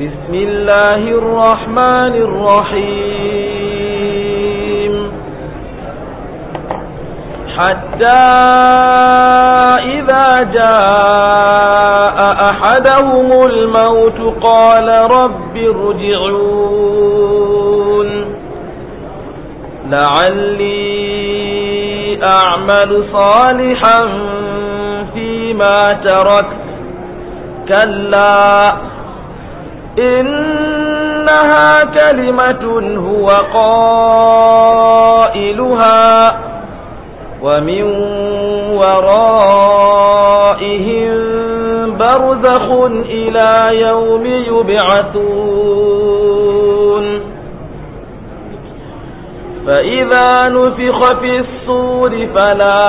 بسم الله الرحمن الرحيم حتى إذا جاء أحدهم الموت قال رب ارجعون لعلي أعمل صالحا فيما تركت كلا إنها كلمة هو قائلها ومن ورائهم برزخ إلى يوم يبعثون فإذا نفخ في الصور فلا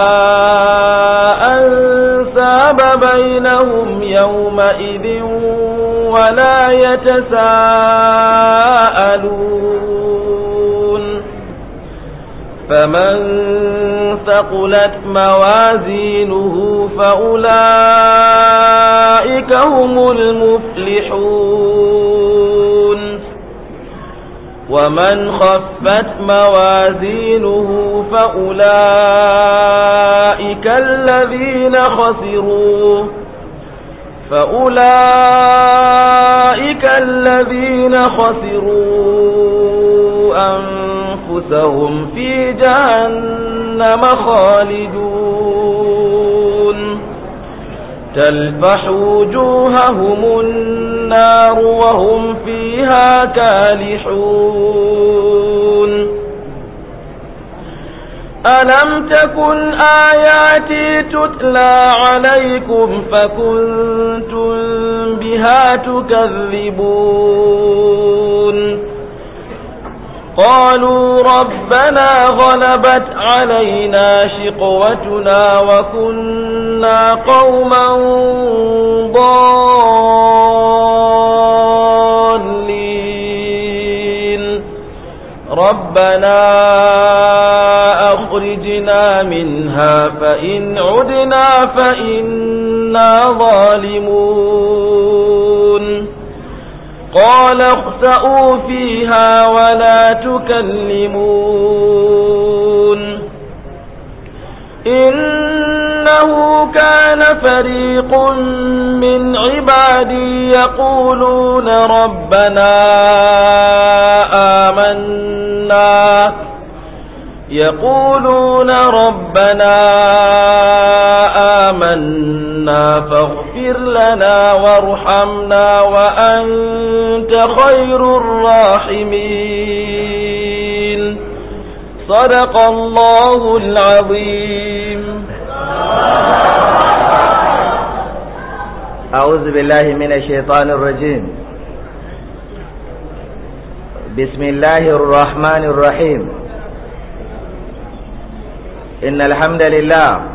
أنساب بينهم يومئذ ولا يتساءلون فمن ثقلت موازينه فأولئك هم المفلحون ومن خفت موازينه فأولئك الذين خسروا فأولئك الذين خسروا أنفسهم في جهنم خالدون تلفح وجوههم النار وهم فيها كالحون ألم تكن آياتي تتلى عليكم فكنتم بها تكذبون قالوا ربنا غلبت علينا شقوتنا وكنا قوما ضالين ربنا أخرجنا منها فإن عدنا فإنا ظالمون قال اخسأوا فيها ولا تكلمون إنه كان فريق من عبادي يقولون ربنا آمنا يقولون ربنا آمنا عنا فاغفر لنا وارحمنا وأنت خير الراحمين صدق الله العظيم أعوذ بالله من الشيطان الرجيم بسم الله الرحمن الرحيم إن الحمد لله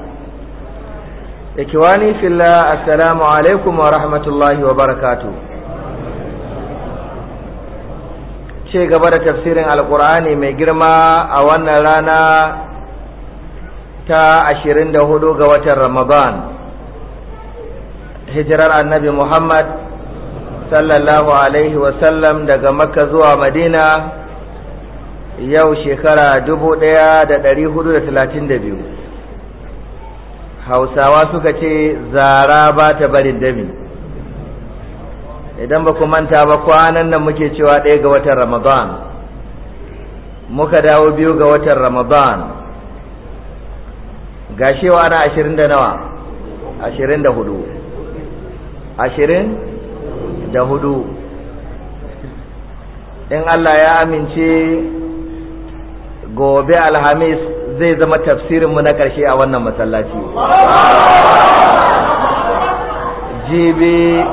ikiwani filla assalamu alaikum wa rahmatullahi wa barakatu ce gaba da tafsirin alkur'ani mai girma a wannan rana ta ashirin da hudu ga watan ramadan hijrar annabi muhammad sallallahu alaihi sallam, daga makka zuwa madina yau shekara dubu ɗaya da ɗari hudu da talatin da biyu hausawa suka ce zara ba ta barin dami idan ba ku manta ba kwanan nan muke cewa ɗaya ga watan ramadan muka dawo biyu ga watan ramadan ga shewa ana ashirin da nawa ashirin da hudu ashirin da hudu in allah ya amince gobe alhamis zai zama tafsirinmu na ƙarshe a wannan masallaci jibi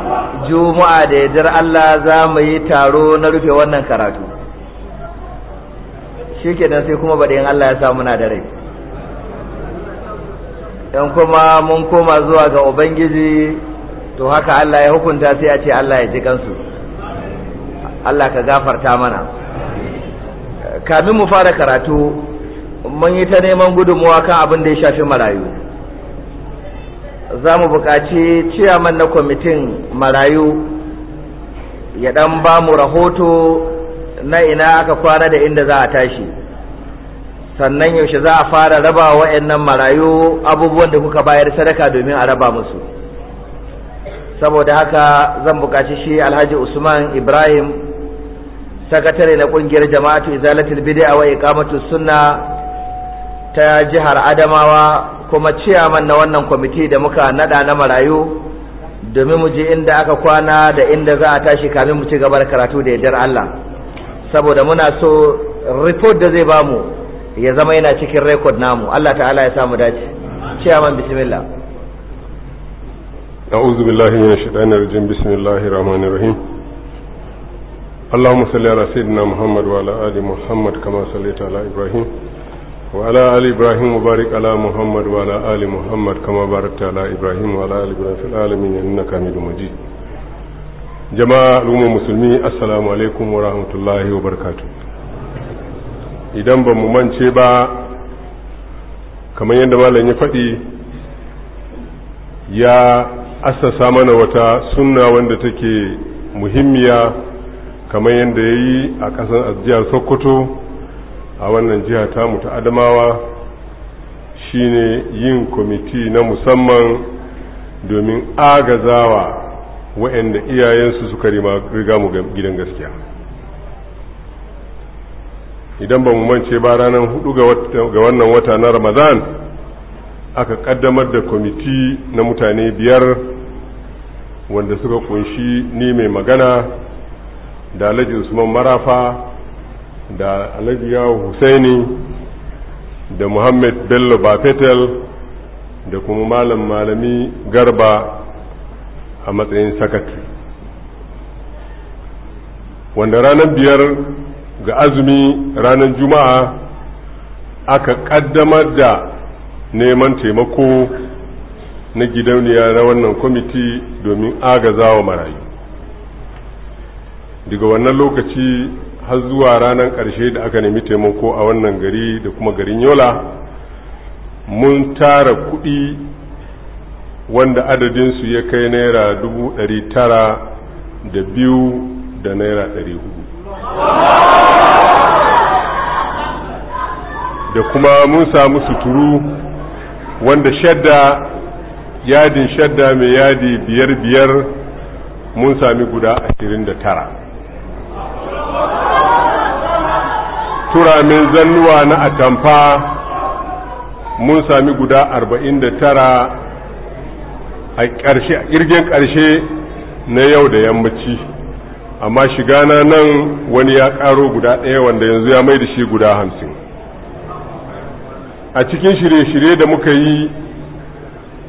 juma'a da yadda Allah za mu yi taro na rufe wannan karatu shi ke sai kuma baɗin Allah ya sa muna da rai ‘Yan kuma mun koma zuwa ga Ubangiji to haka Allah ya hukunta sai a ce Allah ya ji kansu Allah ka gafarta mana kamin mu fara karatu mun yi ta neman gudunmuwa kan abin da ya shafi marayu za mu buƙaci ciyaman na kwamitin marayu ya ɗan ba mu rahoto na ina aka kwana da inda za a tashi sannan yaushe za a fara raba wa'annan marayu abubuwan da kuka bayar sadaka domin a raba musu saboda haka zan buƙaci shi alhaji usman ibrahim sakatare na ƙungiyar jama'atu izalatul bid'a wa iqamatus sunna ta jihar Adamawa kuma ciyaman na wannan kwamiti da muka nada na marayu domin mu je inda aka kwana da inda za a tashi kamin mu ci gaba da karatu da yardar Allah saboda muna so report da zai bamu ya zama yana cikin record namu Allah ta'ala ya samu dace ciyaman bismillah أعوذ بالله من الشيطان الرجيم بسم الله الرحمن الرحيم اللهم صل على سيدنا محمد وعلى آل محمد كما صليت على إبراهيم وعلى آل إبراهيم وبارك على محمد وعلى آل محمد كما باركت على إبراهيم وعلى آل إبراهيم في العالمين إنك حميد مجيد جماعة الأمم المسلمين السلام عليكم ورحمة الله وبركاته idan ba mu mance ba kamar yadda malam ya faɗi ya assasa mana wata sunna wanda take muhimmiya kamar yadda ya yi a ƙasar ajiyar sokoto a wannan jiha tamu ta adamawa shine yin kwamiti na musamman domin agazawa waɗanda iyayensu suka riga mu gidan gaskiya idan ba mu mance ba ranar hudu ga wannan wata na ramadan aka kaddamar da kwamiti na mutane biyar wanda suka kunshi ni mai magana da alhaji usman marafa da alhaji husaini da muhammad bello bafetel da kuma malam malami garba a matsayin sakati wanda ranar biyar ga azumi ranar juma'a aka kaddamar da neman taimako na gidauniya na wannan kwamiti domin agaza wa marayu daga wannan lokaci har zuwa ranar ƙarshe da aka nemi taimako a wannan gari da kuma garin yola mun tara kuɗi wanda adadinsu ya kai naira dubu ɗari tara da biyu da naira ɗari hudu da kuma mun samu suturu wanda shadda yadin shadda mai yadi biyar biyar mun sami guda ashirin da tara turamin zannuwa na atamfa mun sami guda arba'in da tara a ƙirgin ƙarshe na yau da yammaci amma shiga na nan wani ya ƙaro guda ɗaya wanda yanzu ya mai da shi guda hamsin a cikin shirye-shirye da muka yi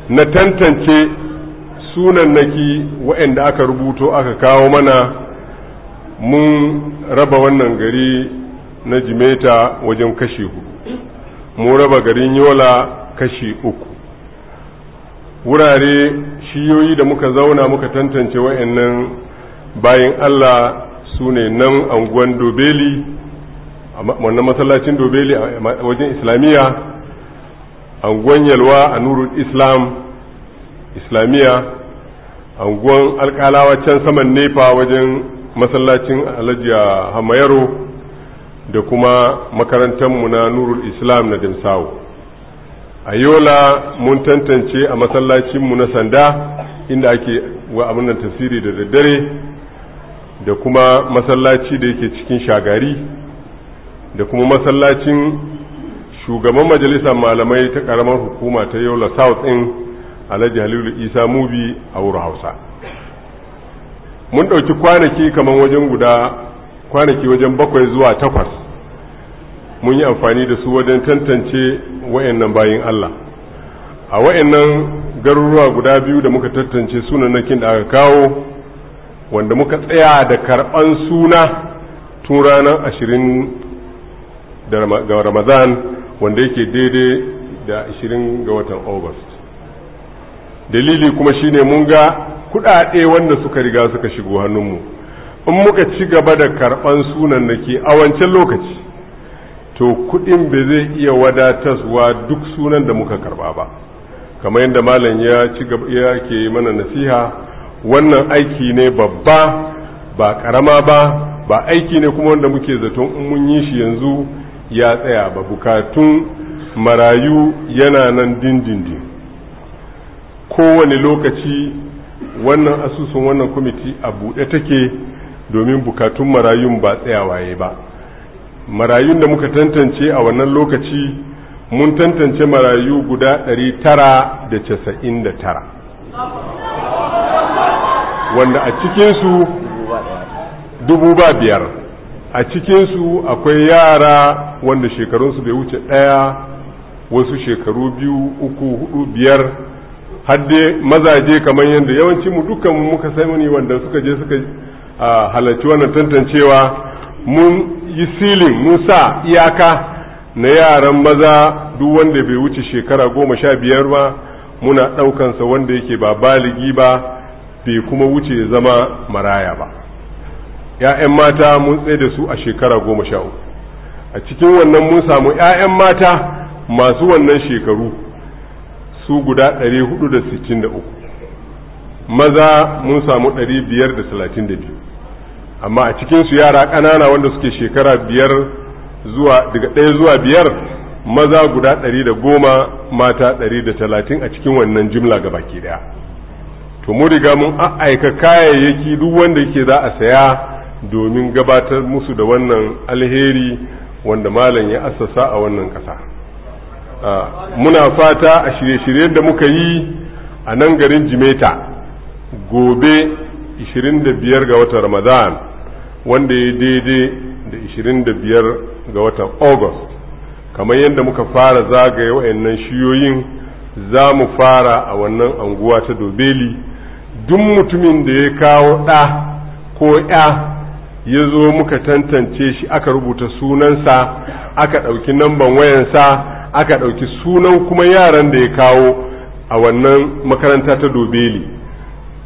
na tantance sunan sunannaki waɗanda aka rubuto aka kawo mana mun raba wannan gari na jimeta wajen kashi hudu mu raba garin yola kashi uku wurare shiyoyi da muka zauna muka tantance wa'annan bayan allah su ne nan anguwan dobeli wannan masallacin dobeli a wajen islamiyya anguwan yalwa a nurul islam islamiyya anguwan alkalawa can saman nepa wajen masallacin alhaji hamayaro da kuma makarantar mu na nurul islam na dimsawo a yola mun tantance a masallacin mu na sanda inda ake wa abin tasiri da daddare da kuma masallaci da yake cikin shagari da kuma masallacin shugaban majalisar malamai ta karamar hukuma ta yola south in alhaji halilu isa mubi a wuri hausa mun ɗauki kwanaki kamar wajen guda kwanaki wajen bakwai zuwa takwas mun yi amfani da su wajen tantance wayannan bayin Allah a wayannan garuruwa guda biyu da muka tantance sunanakin da aka kawo wanda muka tsaya da karɓan suna tun ranar ashirin ga ramadan wanda yake daidai da ashirin ga watan august dalili kuma shine mun ga kuɗaɗe wanda suka riga suka shigo hannunmu in muka ci gaba da karɓan sunan ke a wancan lokaci to kuɗin ba zai iya wadatarwa duk sunan da muka karɓa ba kamar yadda malam ya ci gaba ya ke mana nasiha wannan aiki ne babba ba ƙarama ba ba aiki ne kuma wanda muke zaton in mun yi shi yanzu ya tsaya ba bukatun marayu yana nan dindindin kowane lokaci wannan asusun wannan kwamiti a buɗe take domin bukatun marayun ba tsayawaye ba marayun da muka tantance a wannan lokaci mun tantance marayu guda 999 wanda a cikinsu dubu ba biyar a cikinsu akwai yara wanda shekarunsu bai wuce ɗaya wasu shekaru biyu uku hudu biyar hadde mazaje kamar yadda yawanci mu dukkan muka muni wanda suka je suka a halarci wannan tantancewa mun yi silin sa iyaka na yaran maza duk wanda bai wuce shekara goma sha biyar ba muna ɗaukansa wanda yake ba baligi ba bai kuma wuce zama maraya ba ‘ya'yan mata mun tsaye da su a shekara goma sha uku a cikin wannan mun samu ‘ya'yan mata masu wannan shekaru su guda ɗari hudu da sittin da uku maza mun samu ɗari biyar da talatin da biyu amma a cikinsu yara ƙanana wanda suke shekara biyar zuwa daga ɗaya zuwa biyar maza guda ɗari da goma mata ɗari da talatin a cikin wannan jimla ga baki ɗaya to mu riga mun aika kayayyaki duk wanda yake za a saya domin gabatar musu da wannan alheri wanda malam ya assasa a wannan ƙasa muna fata a shirye-shiryen da muka yi a nan garin jimeta gobe 25 ga watan ramadan wanda ya daidai da 25 ga watan august kamar yadda muka fara zagaye wayannan shiyoyin za mu fara a wannan anguwa ta dobeli duk mutumin da ya kawo ɗa ko ya ya zo muka tantance shi aka rubuta sunansa aka ɗauki namban wayansa aka ɗauki sunan kuma yaran da ya kawo a wannan makaranta ta dobeli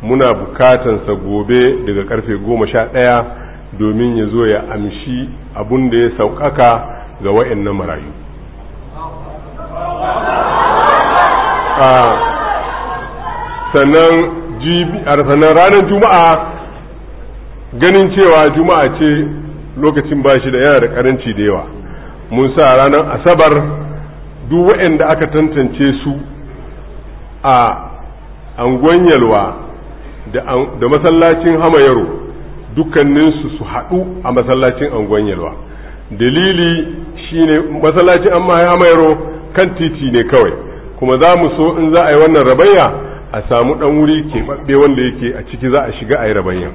muna bukatansa gobe daga karfe goma sha ɗaya domin ya zo ya amshi abun da ya sauƙaƙa ga wa'annan marayu ah, ah, sannan ranar juma'a ganin cewa juma'a ce lokacin bashi da yana da ƙaranci da yawa mun sa ranar asabar duk waɗanda aka tantance su a angon yalwa da masallacin hama yaro. dukkaninsu su haɗu a masallacin angon yalwa dalili shine masallacin an mayaro kan titi ne kawai kuma za mu so in za a yi wannan rabayya a samu ɗan wuri keɓaɓɓe wanda yake a ciki za a shiga a yi rabayya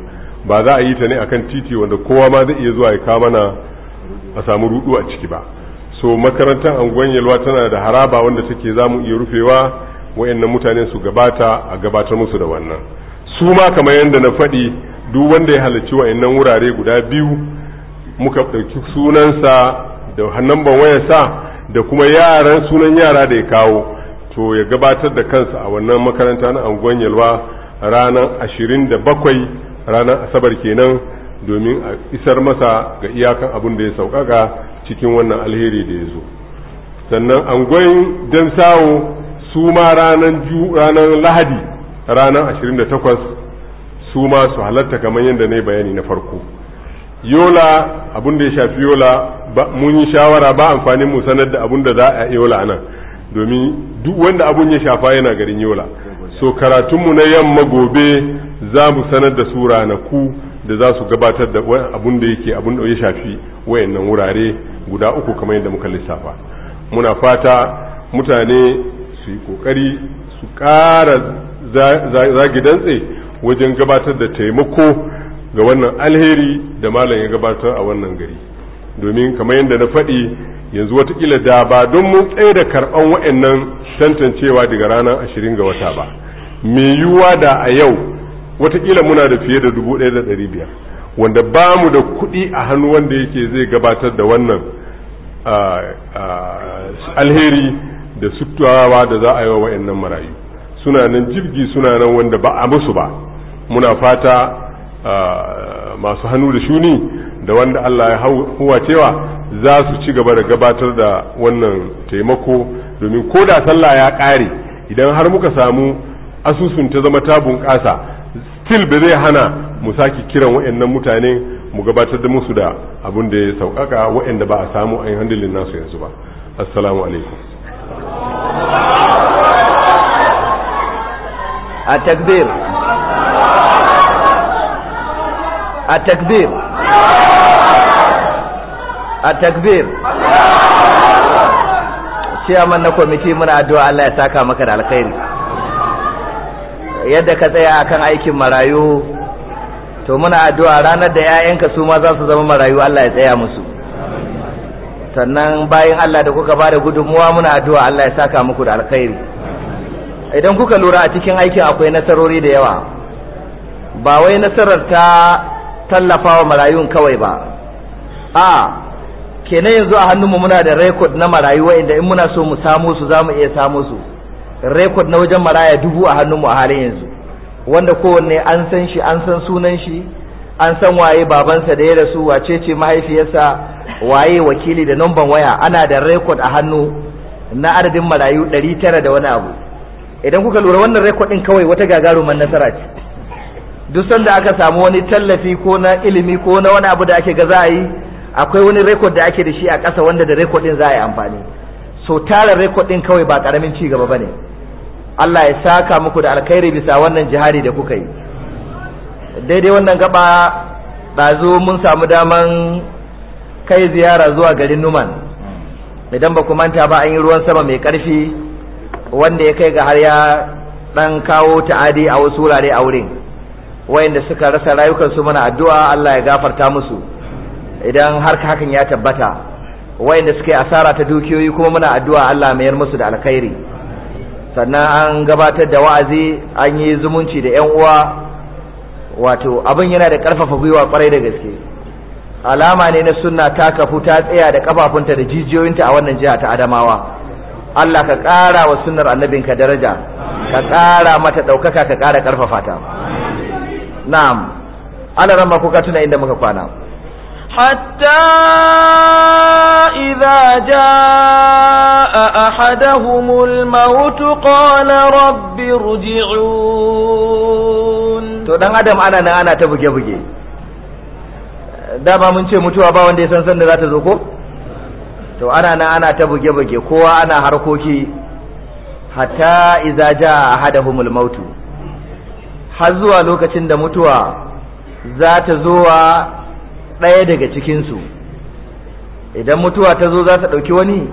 ba za a yi ta ne akan titi wanda kowa ma zai iya zuwa ya ka mana a samu rudu a ciki ba so makarantar angon yalwa tana da haraba wanda take za mu iya rufewa wayannan mutane su gabata a gabatar musu da wannan su ma kamar yadda na faɗi duk wanda ya halarci wa'annan wurare guda biyu muka ɗauki sunansa da hannun sa da kuma yaran sunan yara da ya kawo to ya gabatar da kansa a wannan makaranta na anguwan yalwa ranar ashirin da bakwai ranar asabar kenan domin a isar masa ga iyakan abin da ya saukaka cikin wannan alheri da ya zo sannan anguwan damsawo su ma ranar lahadi ranar ashirin da takwas su ma su halatta kamar yadda na yi bayani na farko yola abin da ya shafi yola mun yi shawara ba amfanin mu sanar da abin da za a yola nan domin duk wanda abun ya shafa yana garin yola so karatunmu na yamma gobe za mu sanar da su ranaku da za su gabatar da abun da yake abun da ya shafi wayannan wurare guda uku kamar yadda muka lissafa muna fata mutane su yi kokari su ƙara zagi dantse wajen gabatar da taimako ga wannan alheri da malam ya gabatar a wannan gari domin kamar yadda na faɗi yanzu watakila da ba don mun tsaye da karɓan wa'annan tantancewa daga ranar ashirin ga wata ba mai yiwuwa da a yau watakila muna da fiye da dubu ɗaya da ɗari biyar wanda ba mu da kuɗi a hannu wanda yake zai gabatar da wannan ah, ah, alheri da sutawa da za a yi wa wa'annan marayu suna nan jirgi suna nan wanda ba a musu ba muna fata ah, masu hannu da shuni da wanda Allah ya huwa cewa za su ci gaba da gabatar da wannan taimako domin ko da sallah ya ƙare idan har muka samu asusun ta zama ta bunƙasa still ba zai hana mu sake kiran waɗannan mutane mu gabatar da musu da abin da ya sauƙaƙa waɗanda ba a samu an handilin nasu yanzu ba assalamu alaikum a takbir a takbir a takbir ciyaman na kwamiti muna addu'a Allah ya saka maka da alkhairi yadda ka tsaya akan aikin marayu to muna addu'a ranar da 'ya'yanka su ma za su zama marayu Allah ya tsaya musu sannan bayan Allah da kuka ba da gudunmuwa muna addu'a Allah ya saka muku da alkhairi idan kuka lura a cikin aikin akwai nasarori da yawa ba wai nasarar ta tallafa wa marayun kawai ba a kenan yanzu a hannunmu muna da rekod na marayu inda in muna so mu samu su za mu iya samu su rekod na wajen maraya dubu a hannunmu a halin yanzu wanda kowanne an san shi an san sunan shi an san waye babansa da ya rasu wace ce mahaifiyarsa waye wakili da numban waya ana da rekod a hannu na adadin marayu ɗari tara da wani abu idan kuka lura wannan rekod din kawai wata gagaruman nasara ce duk sanda aka samu wani tallafi ko na ilimi ko na wani abu da ake ga za a yi akwai wani rekod da ake da shi a ƙasa wanda da rekod din za a yi amfani so tara rekod din kawai ba karamin ci gaba bane Allah ya saka muku da alkhairi bisa wannan jihadi da kuka yi daidai wannan gaba ɗazu mun samu daman kai ziyara zuwa garin Numan idan ba ku manta ba an yi ruwan sama mai ƙarfi wanda ya kai ga har ya dan kawo ta'adi a wasu wurare a wurin wayanda suka rasa rayukansu muna addu'a Allah ya gafarta musu idan har hakan ya tabbata wayanda suka yi asara ta dukiyoyi kuma muna addu'a Allah mayar musu da alkhairi sannan an gabatar da wa'azi an yi zumunci da yan uwa wato abin yana da karfafa gwiwa kwarai da gaske alama ne na sunna ta kafu ta tsaya da kafafunta da jijiyoyinta a wannan jiha ta Adamawa Allah ka ƙara wa sunar annabinka daraja ka ƙara mata ɗaukaka ka ƙara ƙarfafa ta na'am ala ramma ka tuna inda muka kwana hatta idza jaa أحدهم maut qala rabbi rji'un to dan adam ana nan ana ta buge buge da ba mun ce mutuwa ba wanda ya san sanda za ta zo ko to ana nan ana ta buge-buge kowa ana harkoki hatta iza ja hada humulmautu. har zuwa lokacin da mutuwa za ta zo wa ɗaya daga cikinsu idan mutuwa ta zo za ta ɗauki wani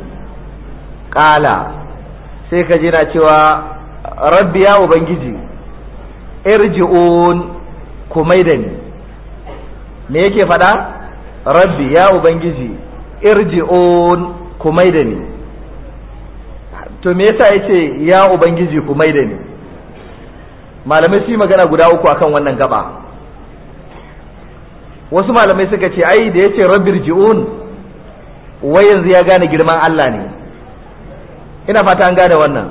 ƙala sai ka jira cewa rabbi ya ubangiji irji'un ku mai da ni me yake faɗa rabbi ya ubangiji irji'un ku da ni to me yasa yace ya ubangiji ku da ni malamai su magana guda uku akan wannan gaba wasu malamai suka ce ai da yace rabbir ji'un wai yanzu ya gane girman Allah ne ina fata an gane wannan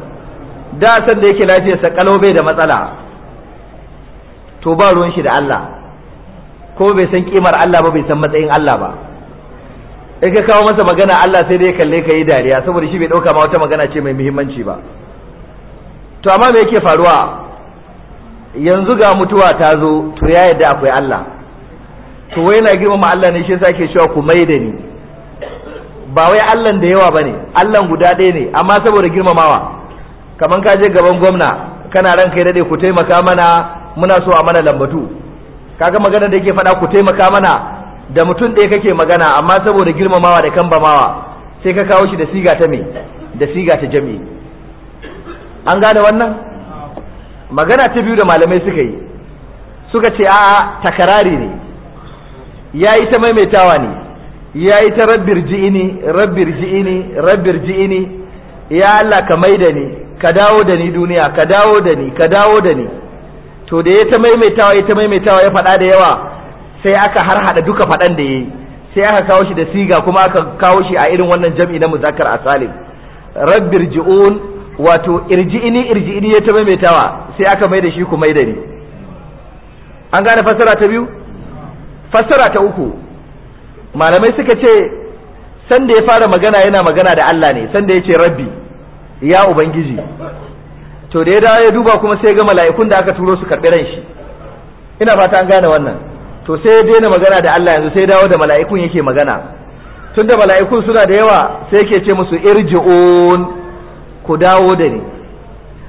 da san da yake sa kalobe da matsala to ba ruwan shi da Allah ko bai san kimar Allah ba bai san matsayin Allah ba in ka kawo masa magana Allah sai dai kalle ka yi dariya saboda shi bai ɗauka ma wata magana ce mai muhimmanci ba to amma me yake faruwa yanzu ga mutuwa ta zo to ya yadda akwai Allah to wai na girmama Allah ne shi yasa ke cewa ku mai da ni ba wai Allah da yawa bane Allah guda ɗaya ne amma saboda girmamawa kaman ka je gaban gwamna kana ran kai dade ku taimaka mana muna so a mana lambatu kaga maganar da yake faɗa ku taimaka mana da mutum ɗaya kake magana amma saboda girmamawa da kambamawa sai ka kawo shi da siga ta me da siga ta jami'i an gane wannan magana ta biyu da malamai suka yi suka ce a'a takarari ne ya yi ta maimaitawa ne ya yi ta rabbir ji'ini rabbir ji'ini rabbir ji'ini ya Allah ka mai da ni ka dawo da ni duniya ka dawo da ni ka dawo da ni to da ya ta maimaitawa ya ta maimaitawa ya faɗa da yawa sai aka har hada duka faɗan da ya yi sai aka kawo shi da siga kuma aka kawo shi a irin wannan jam'i na muzakkar asalim rabbir ji'un wato irji'ini irji'ini ya ta maimaitawa sai aka mai da shi ku maida da an gane fassara ta biyu fassara ta uku malamai suka ce sanda ya fara magana yana magana da Allah ne sanda ya ce rabbi ya ubangiji to da ya dawo ya duba kuma sai ga mala'ikun da aka turo su karɓi ran shi ina fata an gane wannan to sai ya daina magana da Allah yanzu sai dawo da mala'ikun yake magana Tunda da mala'ikun suna da yawa sai yake ce musu irji'un ku dawo da ni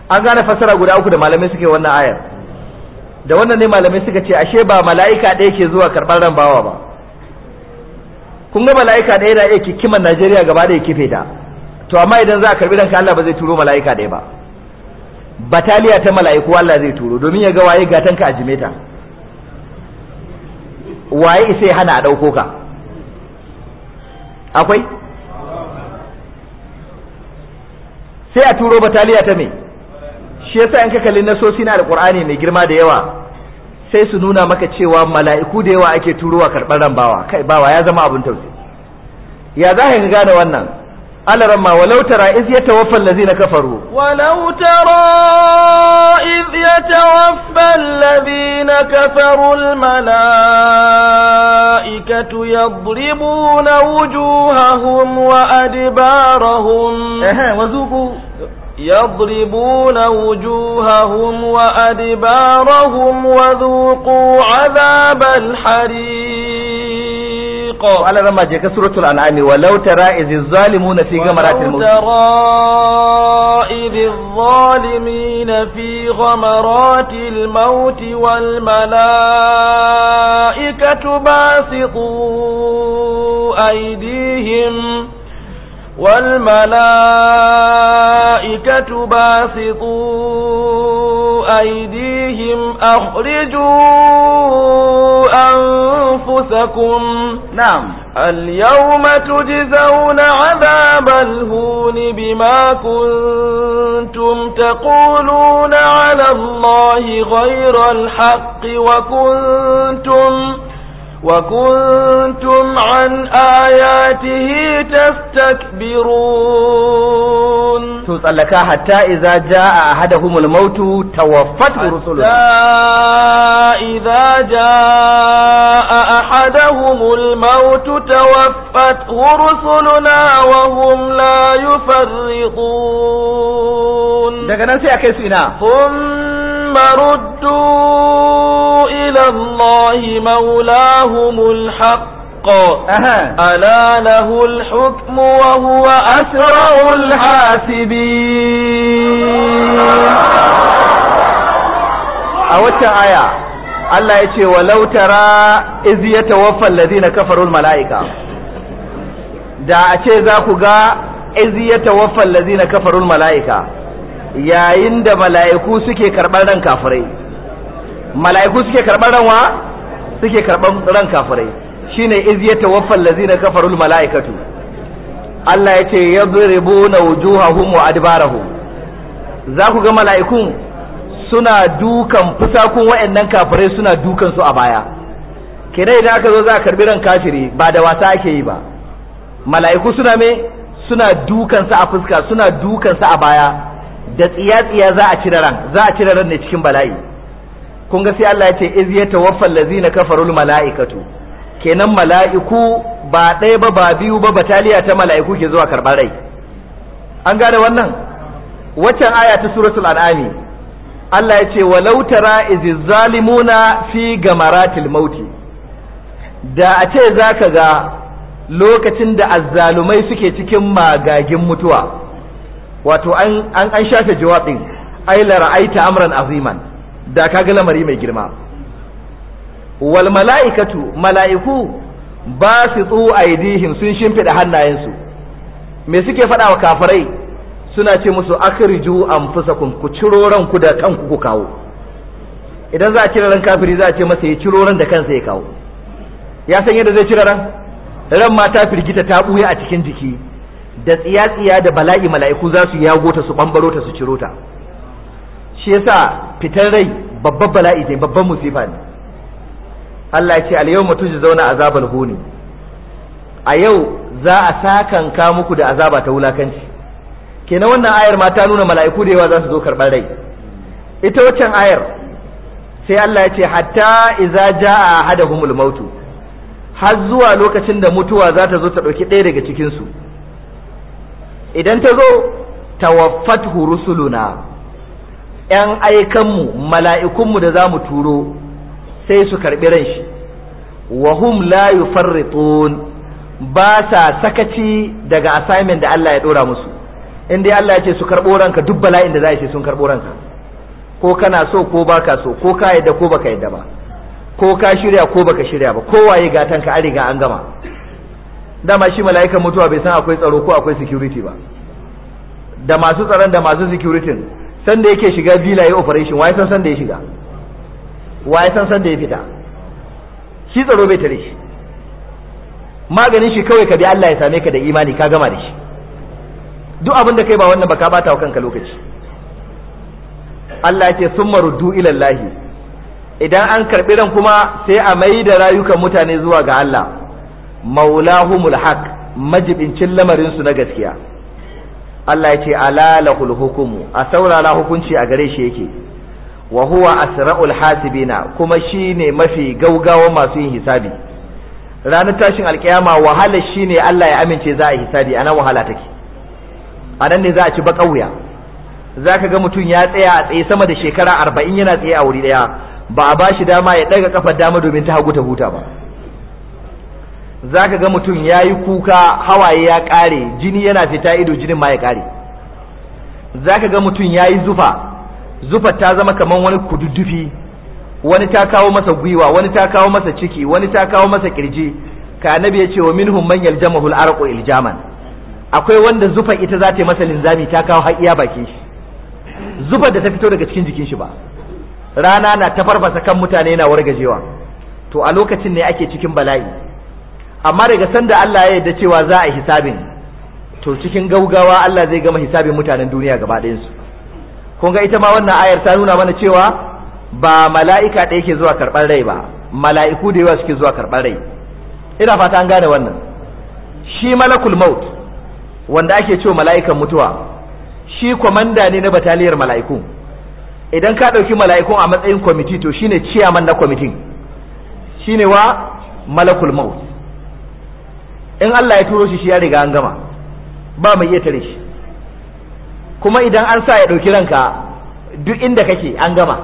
an gane fasara guda uku da malamai suke wannan ayar da wannan ne malamai suka ce ashe ba mala'ika ɗaya ke zuwa karɓar ran bawa ba kun ga mala'ika ɗaya na iya kikiman Najeriya gaba ya kife ta to amma idan za a karɓi ranka Allah ba zai turo mala'ika ɗaya ba bataliya ta mala'iku Allah zai turo domin ya ga waye gatanka a jimeta waye isa hana a ɗauko ka akwai sai a turo bataliya ta me shi yasa in ka kalli nasosi na alqur'ani mai girma da yawa sai su nuna maka cewa mala'iku da yawa ake turowa karɓar rambawa kai bawa ya zama abin tausayi ya za ka gane wannan على رما ولو ترى إذ يتوفى الذين كفروا ولو ترى إذ يتوفى الذين كفروا الملائكة يضربون وجوههم وأدبارهم وذوقوا يضربون وجوههم وأدبارهم وذوقوا عذاب الحريق الحق على لما جاء سورة الأنعام ولو ترى إذ الظالمون في غمرات الموت ولو ترى إذ الظالمين في غمرات الموت والملائكة باسطوا أيديهم والملائكة باسطوا أيديهم أخرجوا أنفسكم نعم اليوم تجزون عذاب الهون بما كنتم تقولون على الله غير الحق وكنتم وكنتم عن آياته تستكبرون تسألك حتى إذا جاء أحدهم الموت توفته رسله حتى إذا جاء أحدهم الموت توفته رسلنا وهم لا يفرقون دقنا سيأكسنا ثم ثم ردوا إلى الله مولاهم الحق أها. ألا له الحكم وهو أسرع الحاسبين أوتى آية Allah ya ce walau tara iz ya tawaffa alladhina kafaru mala'ika da a ce za ku ga iz ya tawaffa alladhina kafaru mala'ika. yayin da mala'iku suke karɓar ran kafirai mala'iku suke karɓar ran wa suke karɓar ran kafirai shine iz yatawaffal ladzina kafarul mala'ikatu Allah yace yadribuna wujuhahum wa adbarahum za ku ga mala'ikun suna dukan fusakun wayannan kafirai suna dukan su a baya kenan idan aka zo za a karbi ran kafiri ba da wasa ake yi ba mala'iku suna me suna dukan a fuska suna dukan a baya da tsiya-tsiya za a cire ran za a cire ran ne cikin bala'i kun ga sai Allah ya ce iz yatawaffal ladzina kafarul mala'ikatu kenan mala'iku ba ɗaya ba ba biyu ba bataliya ta mala'iku ke zuwa karɓar rai an gane wannan waccan aya ta suratul an'ami Allah ya ce walau tara iziz zalimuna fi gamaratil mauti da a ce zaka ga lokacin da azzalumai suke cikin magagin mutuwa wato an an shafe jawabin ai la ra'aita amran aziman da ka ga lamari mai girma wal mala'ikatu mala'iku ba su tsu aidihim sun shimfida hannayensu me suke faɗawa wa kafirai suna ce musu akhriju anfusakum ku ciro ranku da kanku ku kawo idan za a cire ran kafiri za a ce masa ya ciro ran da kansa ya kawo ya san yadda zai cire ran ran mata firgita ta buya a cikin jiki da tsiya-tsiya da bala'i mala'iku za su yago ta su bambaro ta su ciro ta shi yasa fitar rai babban bala'i ne babban musifa ne Allah ya ce al yawma zauna azabal huni a yau za a ka muku da azaba ta wulakanci kenan wannan ayar ma ta nuna mala'iku da yawa za su zo karɓar rai ita waccan ayar sai Allah ya ce hatta iza jaa ahadahumul mautu har zuwa lokacin da mutuwa za ta zo ta ɗauki ɗaya daga cikinsu idan ta zo tawaffat rusuluna ‘yan aikanmu mala'ikunmu da za mu turo sai su karɓi ran shi wahum la yufarritun ba sa sakaci daga assignment da Allah ya ɗora musu in dai Allah ya ce su karɓo ranka duk bala'in da za a ce sun karɓo ranka ko kana so ko baka so ko ka yadda ko baka yadda ba ko ka shirya ko baka shirya ba kowaye gatanka an riga an gama dama shi mala'ikan mutuwa bai san akwai tsaro ko akwai security ba da masu tsaron da masu security san da yake shiga villa yi operation waye san san da ya shiga waye san san da ya fita shi tsaro bai tare shi maganin shi kawai ka bi Allah ya same ka da imani ka gama da shi duk abin da kai ba wannan ba ka bata wa kanka lokaci Allah yake ce summa ruddu ila Allah idan an karbi ran kuma sai a mai da rayukan mutane zuwa ga Allah maulahumul haq majibincin lamarin su na gaskiya Allah ya ce alalahul hukumu a saurara hukunci a gare shi yake wa huwa asra'ul hasibina kuma shine mafi gaugawa masu yin hisabi ranar tashin alkiyama wahala shi shine Allah ya amince za a hisabi ana wahala take anan ne za a ci Za zaka ga mutum ya tsaya a tsaye sama da shekara arba'in yana tsaye a wuri daya ba a bashi dama ya ɗaga kafar dama domin ta hagu ta huta ba Za ka ga mutum ya yi kuka hawaye ya ƙare jini yana fita ido jinin ma ya ƙare Za ka ga mutum ya yi zufa zufa ta zama kamar wani kududdufi wani ta kawo masa gwiwa wani ta kawo masa ciki wani ta kawo masa kirji ka annabi ya ce wa minhum man yaljamahu al-arqu iljaman akwai wanda zufa ita za ta yi masa linzami ta kawo har iya baki shi zufa da ta fito daga cikin jikin shi ba rana na ta farfasa kan mutane na wargajewa to a lokacin ne ake cikin bala'i amma daga sanda Allah ya yarda cewa za a hisabin to cikin gaugawa Allah zai gama hisabin mutanen duniya gaba ɗayan su kun ga ita ma wannan ayar ta nuna mana cewa ba mala'ika ɗaya ke zuwa karɓar rai ba mala'iku da yawa suke zuwa karɓar rai ina fata an gane wannan shi malakul maut wanda ake cewa mala'ikan mutuwa shi kwamanda ne na bataliyar mala'iku idan ka ɗauki mala'ikun a matsayin kwamiti to shine ciyaman na kwamitin shine wa malakul maut in Allah ya turo shi shi ya riga an gama ba mai iya tare shi kuma idan an sa ya ɗauki ranka duk inda kake an gama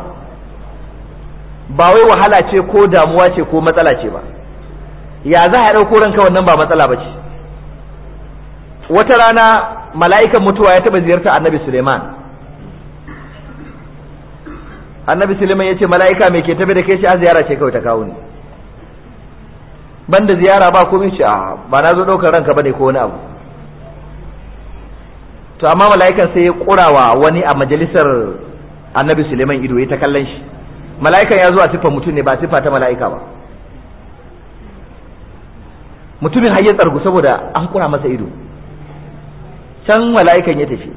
ba wai wahala ce ko damuwa ce ko matsala ce ba ya za a ɗauko ranka wannan ba matsala ba ce wata rana mala'ikan mutuwa ya taɓa ziyarta annabi suleiman annabi suleiman ya ce mala'ika mai ke tafi da kai shi an ziyara ce kawai ta kawo ne banda ziyara ba komai ce a ba na zo ɗaukar ranka bane ko wani abu to amma mala'ikan sai ya kurawa wani a majalisar annabi suleiman ido ya ta kallon shi mala'ikan ya zo a siffar mutum ne ba siffa ta mala'ika ba mutumin har ya tsargu saboda an kura masa ido can mala'ikan ya tafi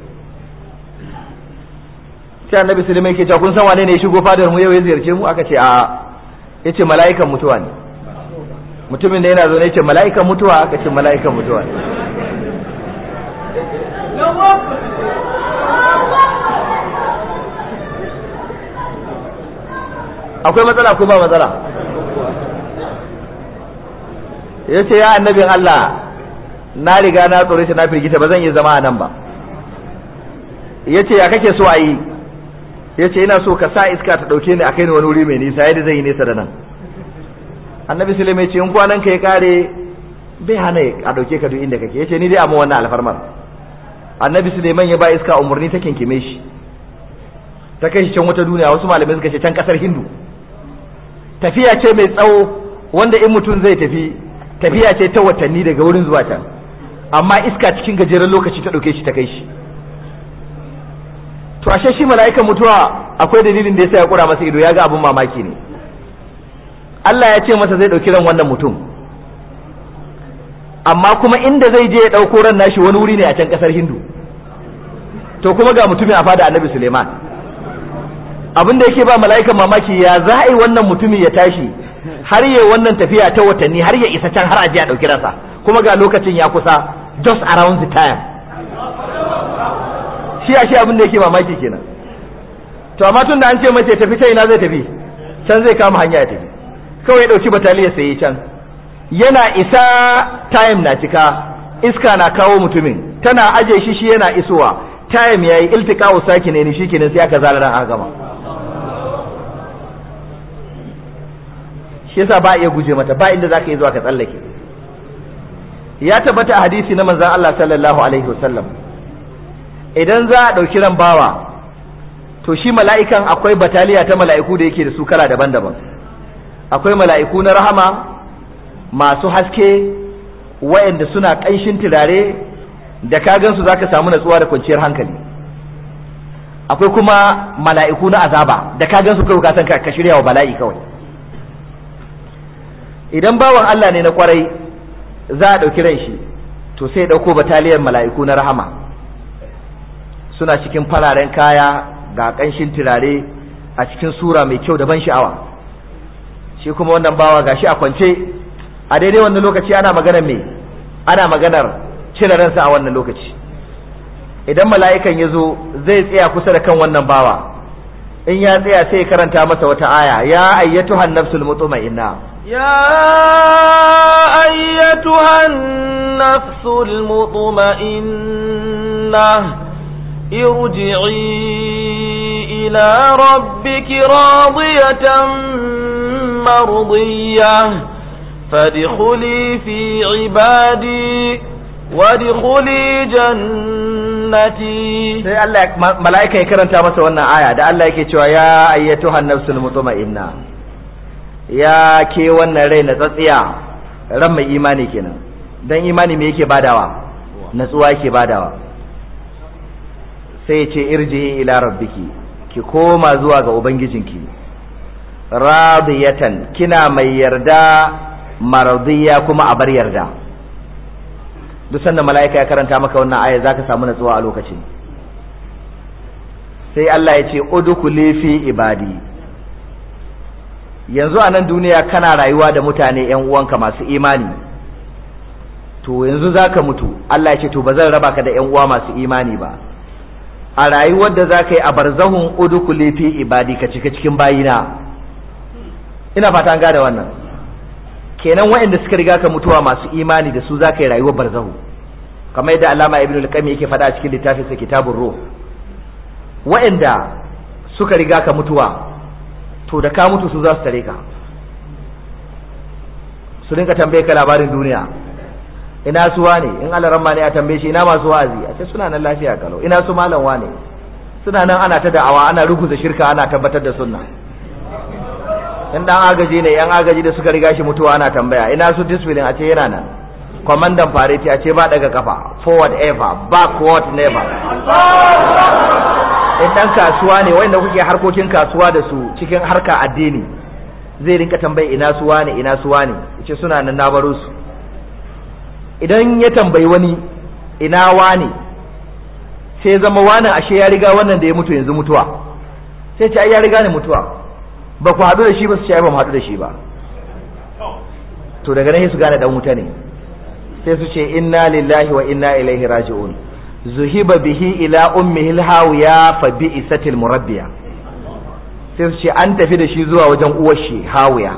sai annabi suleiman ke cewa kun san wane ne ya shigo fadar mu yau ya ziyarce mu aka ce a yace mala'ikan mutuwa ne mutumin da yana zaune ce mala'ikan mutuwa aka ce mala'ikan mutuwa akwai matsala ko ba matsala ya ce ya annabin Allah na riga na tsore shi na firgita ba zan yi zama a nan ba ya ce ya kake so a yi ya ce ina so ka sa iska ta ɗauke ni a kai ni wani wuri mai nisa yadda zai yi nesa da nan annabi sulaim ya ce in kwanan ka ya kare bai hana a dauke ka duk inda kake yace ni dai amma wannan alfarmar annabi sulaiman ya ba iska umarni ta kinkime shi ta kai shi can wata duniya wasu malamai suka ce can kasar hindu tafiya ce mai tsawo wanda in mutum zai tafi tafiya ce ta watanni daga wurin zuwa can amma iska cikin gajeren lokaci ta ɗauke shi ta kai shi to ashe shi mala'ikan mutuwa akwai dalilin da yasa ya kura masa ido ya ga abun mamaki ne Allah ya ce masa zai ɗauki ran wannan mutum amma kuma inda zai je ya ɗauko ran nashi wani wuri ne a can ƙasar hindu to kuma ga mutumin a fada annabi suleiman abin da yake ba mala'ikan mamaki ya za a yi wannan mutumin ya tashi har ya wannan tafiya ta watanni har ya isa can har a je a ɗauki rasa kuma ga lokacin ya kusa just around the time shi a shi abin da yake mamaki kenan to amma tun da an ce mace tafi ta ina zai tafi can zai kama hanya ya tafi kawai ya ɗauki bataliya sai ya can yana isa time na cika iska na kawo mutumin tana aje shi shi yana isowa time yayi iltiqa'u sakin ne kenan sai aka zara ran gama shi yasa ba iya guje mata ba inda zaka yi zuwa ka tsallake ya tabbata a hadisi na manzon Allah sallallahu alaihi wasallam idan za a ɗauki ran bawa to shi mala'ikan akwai bataliya ta mala'iku da yake da su kala daban-daban akwai mala'iku na rahama masu haske wayanda suna ƙanshin turare da ka gansu za ka samu natsuwa da kwanciyar hankali akwai kuma mala'iku na azaba da ka gansu kawai ka ka shirya wa bala'i kawai idan bawan Allah ne na kwarai za a ɗauki ran shi to sai ɗauko bataliyar mala'iku na rahama suna cikin fararen kaya ga ƙanshin turare a cikin sura mai kyau da ban sha'awa shi kuma wannan bawa gashi a kwance a daidai wannan lokaci ana maganar me ana maganar cire ransa a wannan lokaci idan mala'ikan ya zo zai tsaya kusa da kan wannan bawa in ya tsaya sai ya karanta masa wata aya ya ayyatu hannafsul mutma'inna ya ayyatu hannafsul mutma'inna irji'i ila rabbiki radiyatan مرضية فادخلي في عبادي وادخلي جنتي sai Allah mala'ika ya karanta masa wannan aya da Allah yake cewa ya ayyatuha nafsul mutma'inna ya ke wannan rai na tsatsiya ran mai imani kenan dan imani me yake badawa natsuwa yake badawa sai ya ce irji ila rabbiki ki koma zuwa ga ubangijinki radiyatan kina mai yarda maradiya kuma a bar yarda duk sanda mala'ika ya karanta maka wannan aya zaka samu natsuwa a lokacin sai Allah ya ce udkhuli fi ibadi yanzu a nan duniya kana rayuwa da mutane yan uwanka masu imani to yanzu zaka mutu Allah ya ce to bazan raba ka da yan uwa masu imani ba a rayuwar da zaka yi a barzahun udkhuli fi ibadi ka cika cikin bayina ina fata an gane wannan kenan waɗanda suka riga ka mutuwa masu imani da su zaka yi rayuwar barzahu kamar yadda alama ibn al-qayyim yake faɗa a cikin littafin sa kitabur ruh waɗanda suka riga ka mutuwa to da ka mutu su za su tare ka su dinka tambaye ka labarin duniya ina su wane in alaran ne a tambaye shi ina masu wa'azi a ce suna nan lafiya kalau ina su malam wane suna nan ana ta da'awa ana ruguza shirka ana tabbatar da sunna in dan agaji ne yan agaji da suka riga shi mutuwa ana tambaya ina su discipline a ce yana nan kwamandan fareti a ce ba daga kafa forward ever backward never in dan kasuwa ne wanda kuke harkokin kasuwa da su cikin harka addini zai rinka tambaya ina su wane ina su wane yace suna nan na baro su idan ya tambayi wani ina wani sai zama wani ashe ya riga wannan da ya mutu yanzu mutuwa sai ce ai ya riga ne mutuwa ba ku haɗu da shi ba su ce ba mu haɗu da shi ba to daga nan su gane dan wuta ne sai su ce inna lillahi wa inna ilaihi raji'un zuhiba bihi ila ummihi alhawiya fa bi isatil murabbiya sai su ce an tafi da shi zuwa wajen uwar shi hawiya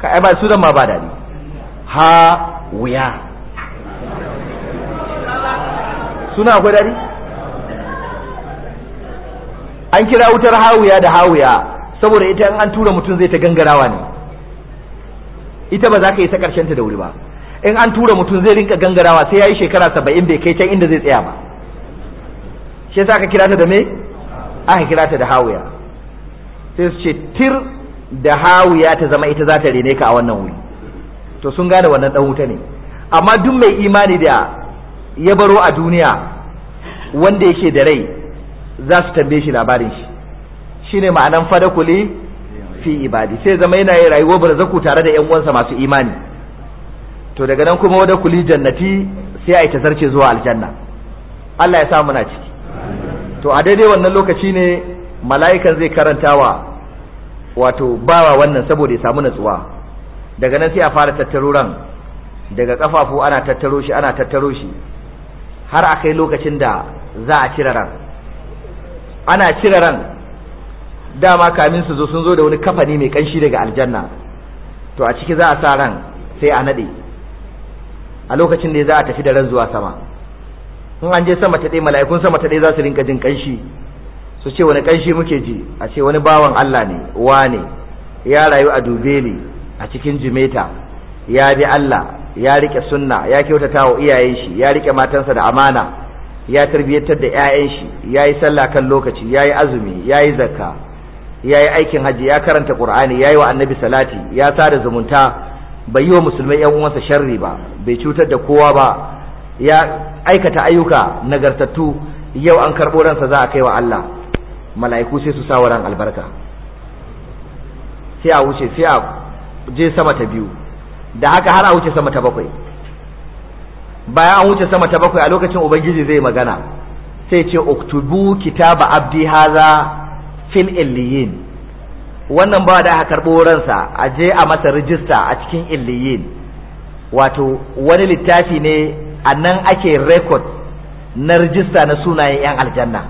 ka ai ba su da ma ba dadi ha wuya suna akwai dadi an kira wutar hawuya da hawiya saboda ita an tura mutum zai ta gangarawa ne ita ba za ka yi ta karshen ta da wuri ba in an tura mutum zai rinka gangarawa sai ya yi shekara saba'in bai kai can inda zai tsaya ba shi yasa ka kira ta da me aka kira ta da hawiya sai su ce tir da hawiya ta zama ita za ta rene ka a wannan wuri to sun gane wannan dan wuta ne amma duk mai imani da ya baro a duniya wanda yake da rai za su tambaye shi labarin shi shine ma'anan fadakuli fi ibadi sai zama yana yi rayuwar barzaku tare da yan uwansa masu imani to daga nan kuma wada kuli jannati sai a yi tazarce zuwa aljanna Allah ya sa muna ciki to a daidai wannan lokaci ne mala'ikan zai karanta wa wato bawa wannan saboda ya samu natsuwa daga nan sai a fara tattaro ran daga kafafu ana tattaro shi ana tattaro shi har a kai lokacin da za a cire ran ana cire ran dama kamin su zo sun zo da wani kafani mai kanshi daga aljanna to a ciki za a sa ran sai a nade a lokacin da za a tafi da ran zuwa sama in an je sama ta ɗaya mala'ikun sama ta ɗaya za su rinka jin kanshi su ce wani kanshi muke ji a ce wani bawan Allah ne wa ne ya rayu a ne a cikin jimeta ya bi Allah ya rike sunna ya kyautata wa iyayen shi ya rike matansa da amana ya tarbiyyatar da 'ya'yan shi ya yi sallah kan lokaci ya yi azumi ya yi zakka ya yi aikin hajji ya karanta qur'ani ya yi wa annabi salati ya sada zumunta bai yi wa musulmai yan uwansa sharri ba bai cutar da kowa ba ya aikata ayyuka nagartattu yau an karɓo ransa za a kai wa Allah mala'iku sai su sa ran albarka sai a wuce sai a je sama ta biyu da haka har a wuce sama ta bakwai bayan an wuce sama ta bakwai a lokacin ubangiji zai magana sai ce uktubu kitaba abdi haza fil illiyin wannan ba da aka karɓo ransa a je a masa rijista a cikin illiyin wato wani littafi ne a nan ake record na rijista na sunayen 'yan aljanna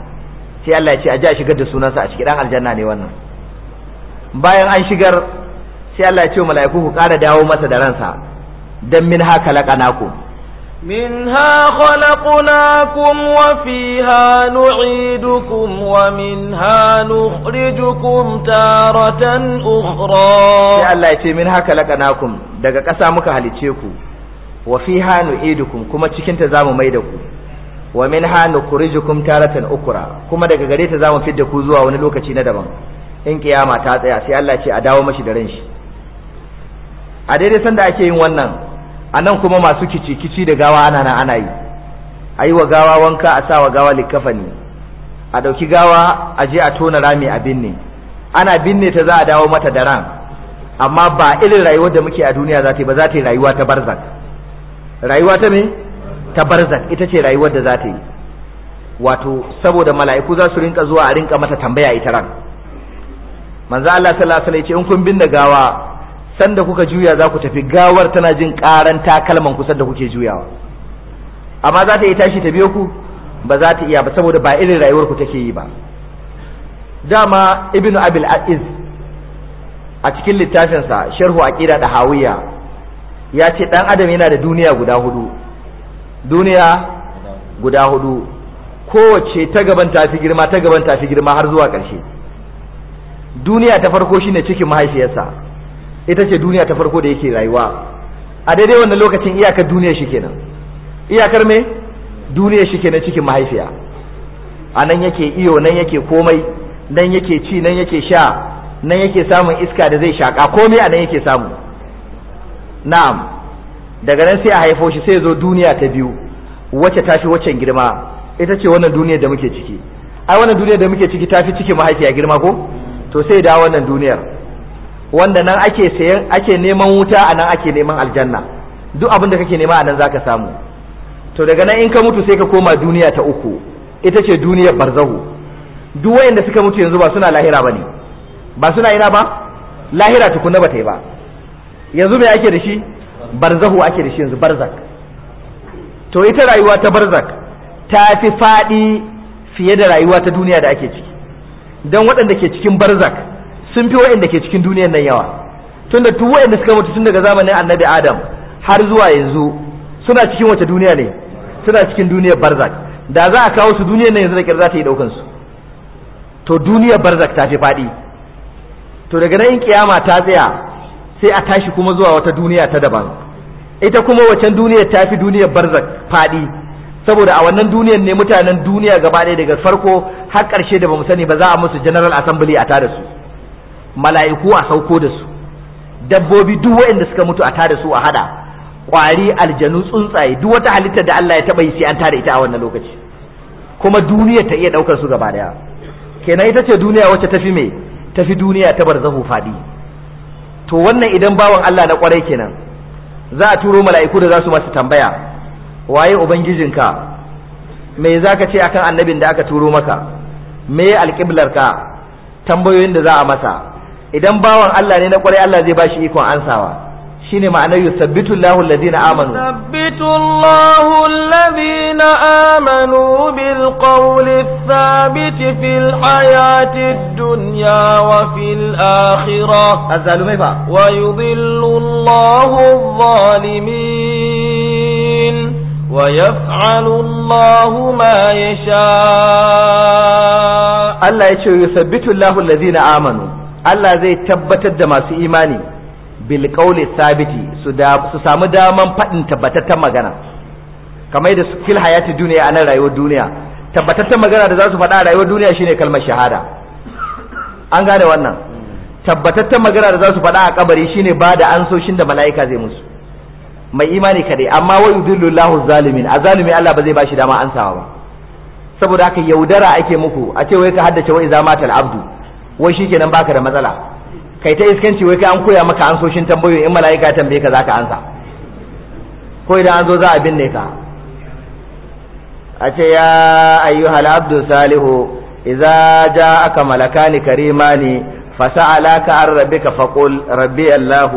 sai Allah ya ce a je a shigar da sunansa a cikin dan aljanna ne wannan bayan an shigar sai Allah ya ce mala'iku ku ƙara dawo masa da ransa dan min haka laƙanaku منها خلقناكم وفيها نعيدكم ومنها نخرجكم تارة أخرى يا الله يتي منها خلقناكم دقا قسامك هلتيكو وفيها نعيدكم كما تشكين تزام ميدكو ومنها نخرجكم تارة أخرى كما دقا قريت تزام في الدكوزوا ونلوكا تشين دبا إن قيامة تاتيا سي الله يتي أداو مشي درنش أدري سند أكي ونن a nan kuma masu kici-kici da gawa ana nan ana yi a yi wa gawa wanka a sa wa gawa likafani a ɗauki gawa a je a tona rami a binne ana binne ta za a dawo mata da ran amma ba irin rayuwar da muke a duniya za ta yi ba za ta yi rayuwa ta barzak rayuwa ta me ta barzak ita ce rayuwar da za ta yi wato saboda mala'iku za su rinka zuwa a rinka mata tambaya ita ran manzo Allah sallallahu alaihi wasallam ya ce in kun binne gawa sanda kuka juya za ku tafi gawar tana jin karan takalman kusa da kuke juyawa amma za ta iya tashi ta biyo ku ba za ta iya ba saboda ba irin rayuwar ku take yi ba dama ibnu abil aziz a cikin sa sharhu aqida da hawiya ya ce dan adam yana da duniya guda hudu duniya guda hudu kowace ta gaban ta fi girma ta gaban ta fi girma har zuwa ƙarshe duniya ta farko shine cikin mahaifiyarsa ita ce duniya ta farko da yake rayuwa a daidai wannan lokacin iyakar duniya shi kenan iyakar me duniya shi kenan cikin mahaifiya a nan yake iyo nan yake komai nan yake ci nan yake sha nan yake samun iska da zai shaka komai a nan yake samu na'am daga nan sai a haifo shi sai zo duniya ta biyu wacce tafi waccan girma ita ce wannan duniyar da muke ciki ai wannan duniyar da muke ciki tafi cikin mahaifiya girma ko to sai da wannan duniyar wanda nan ake sayan ake neman wuta a nan ake neman aljanna duk abin da kake nema a nan zaka samu to daga nan in ka mutu sai ka koma duniya ta uku ita ce duniyar barzahu duk wayanda suka mutu yanzu ba suna lahira bane ba suna ina ba lahira tukunna ba ta yi ba yanzu me ake da shi barzahu ake da shi yanzu barzak to ita rayuwa ta barzak ta fi faɗi fiye da rayuwa ta duniya da ake ciki don waɗanda ke cikin barzak sun fi waɗanda ke cikin duniyar nan yawa tunda duk inda suka mutu tun daga zamanin annabi adam har zuwa yanzu suna cikin wace duniya ne suna cikin duniyar barzak da za a kawo su duniyar nan yanzu da kyar za ta yi daukan su to duniyar barzak ta fi faɗi to daga nan in kiyama ta tsaya sai a tashi kuma zuwa wata duniya ta daban ita kuma wacan duniyar ta fi duniyar barzak faɗi saboda a wannan duniyar ne mutanen duniya gaba ɗaya daga farko har ƙarshe da bamu sani ba za a musu general assembly a tada su mala'iku a sauko da su dabbobi duk waɗanda suka mutu a tare su a hada kwari aljanu tsuntsaye duk wata halittar da Allah ya taba yi sai an tare ita a wannan lokaci kuma duniya ta iya daukar su gaba daya kenan ita ce duniya wacce tafi me tafi duniya ta barzahu fadi to wannan idan bawan Allah na kwarai kenan za a turo mala'iku da za su masa tambaya waye ubangijinka me za ka ce akan annabin da aka turo maka me ka tambayoyin da za a masa idan bawan Allah ne na kwarai Allah zai bashi ikon ansawa shine ma'anar yusabbitu Allahu alladhina amanu yusabbitu Allahu alladhina amanu bil qawli thabit fil hayati dunya wa fil akhirah azalumai fa wa yudhillu Allahu adh-dhalimin wa yaf'alu Allahu ma yasha Allah yace yusabbitu Allahu alladhina amanu Allah zai tabbatar da masu imani bil qawli sabiti su da su samu daman faɗin tabbatattan magana kamar da fil hayati duniya nan rayuwar duniya tabbatattan magana da za su faɗa a rayuwar duniya shine kalmar shahada an gane wannan tabbatattan magana da za su faɗa a kabari shine ba da ansoshin da mala'ika zai musu mai imani kadai amma wa yudillu zalimin a zalimi Allah ba zai ba shi dama ansawa ba saboda haka yaudara ake muku a ce wai ka haddace wa iza matal abdu wai shi kenan baka da matsala kai ta iskanci wai kai an koya maka ansoshin tambayo in mala'ika tambaye ka za zaka ansa ko idan an zo za a binne ka a ce ya ayyuhal abdu salihu idza ja'aka malakani karimani fasa'alaka an rabbika faqul rabbi allah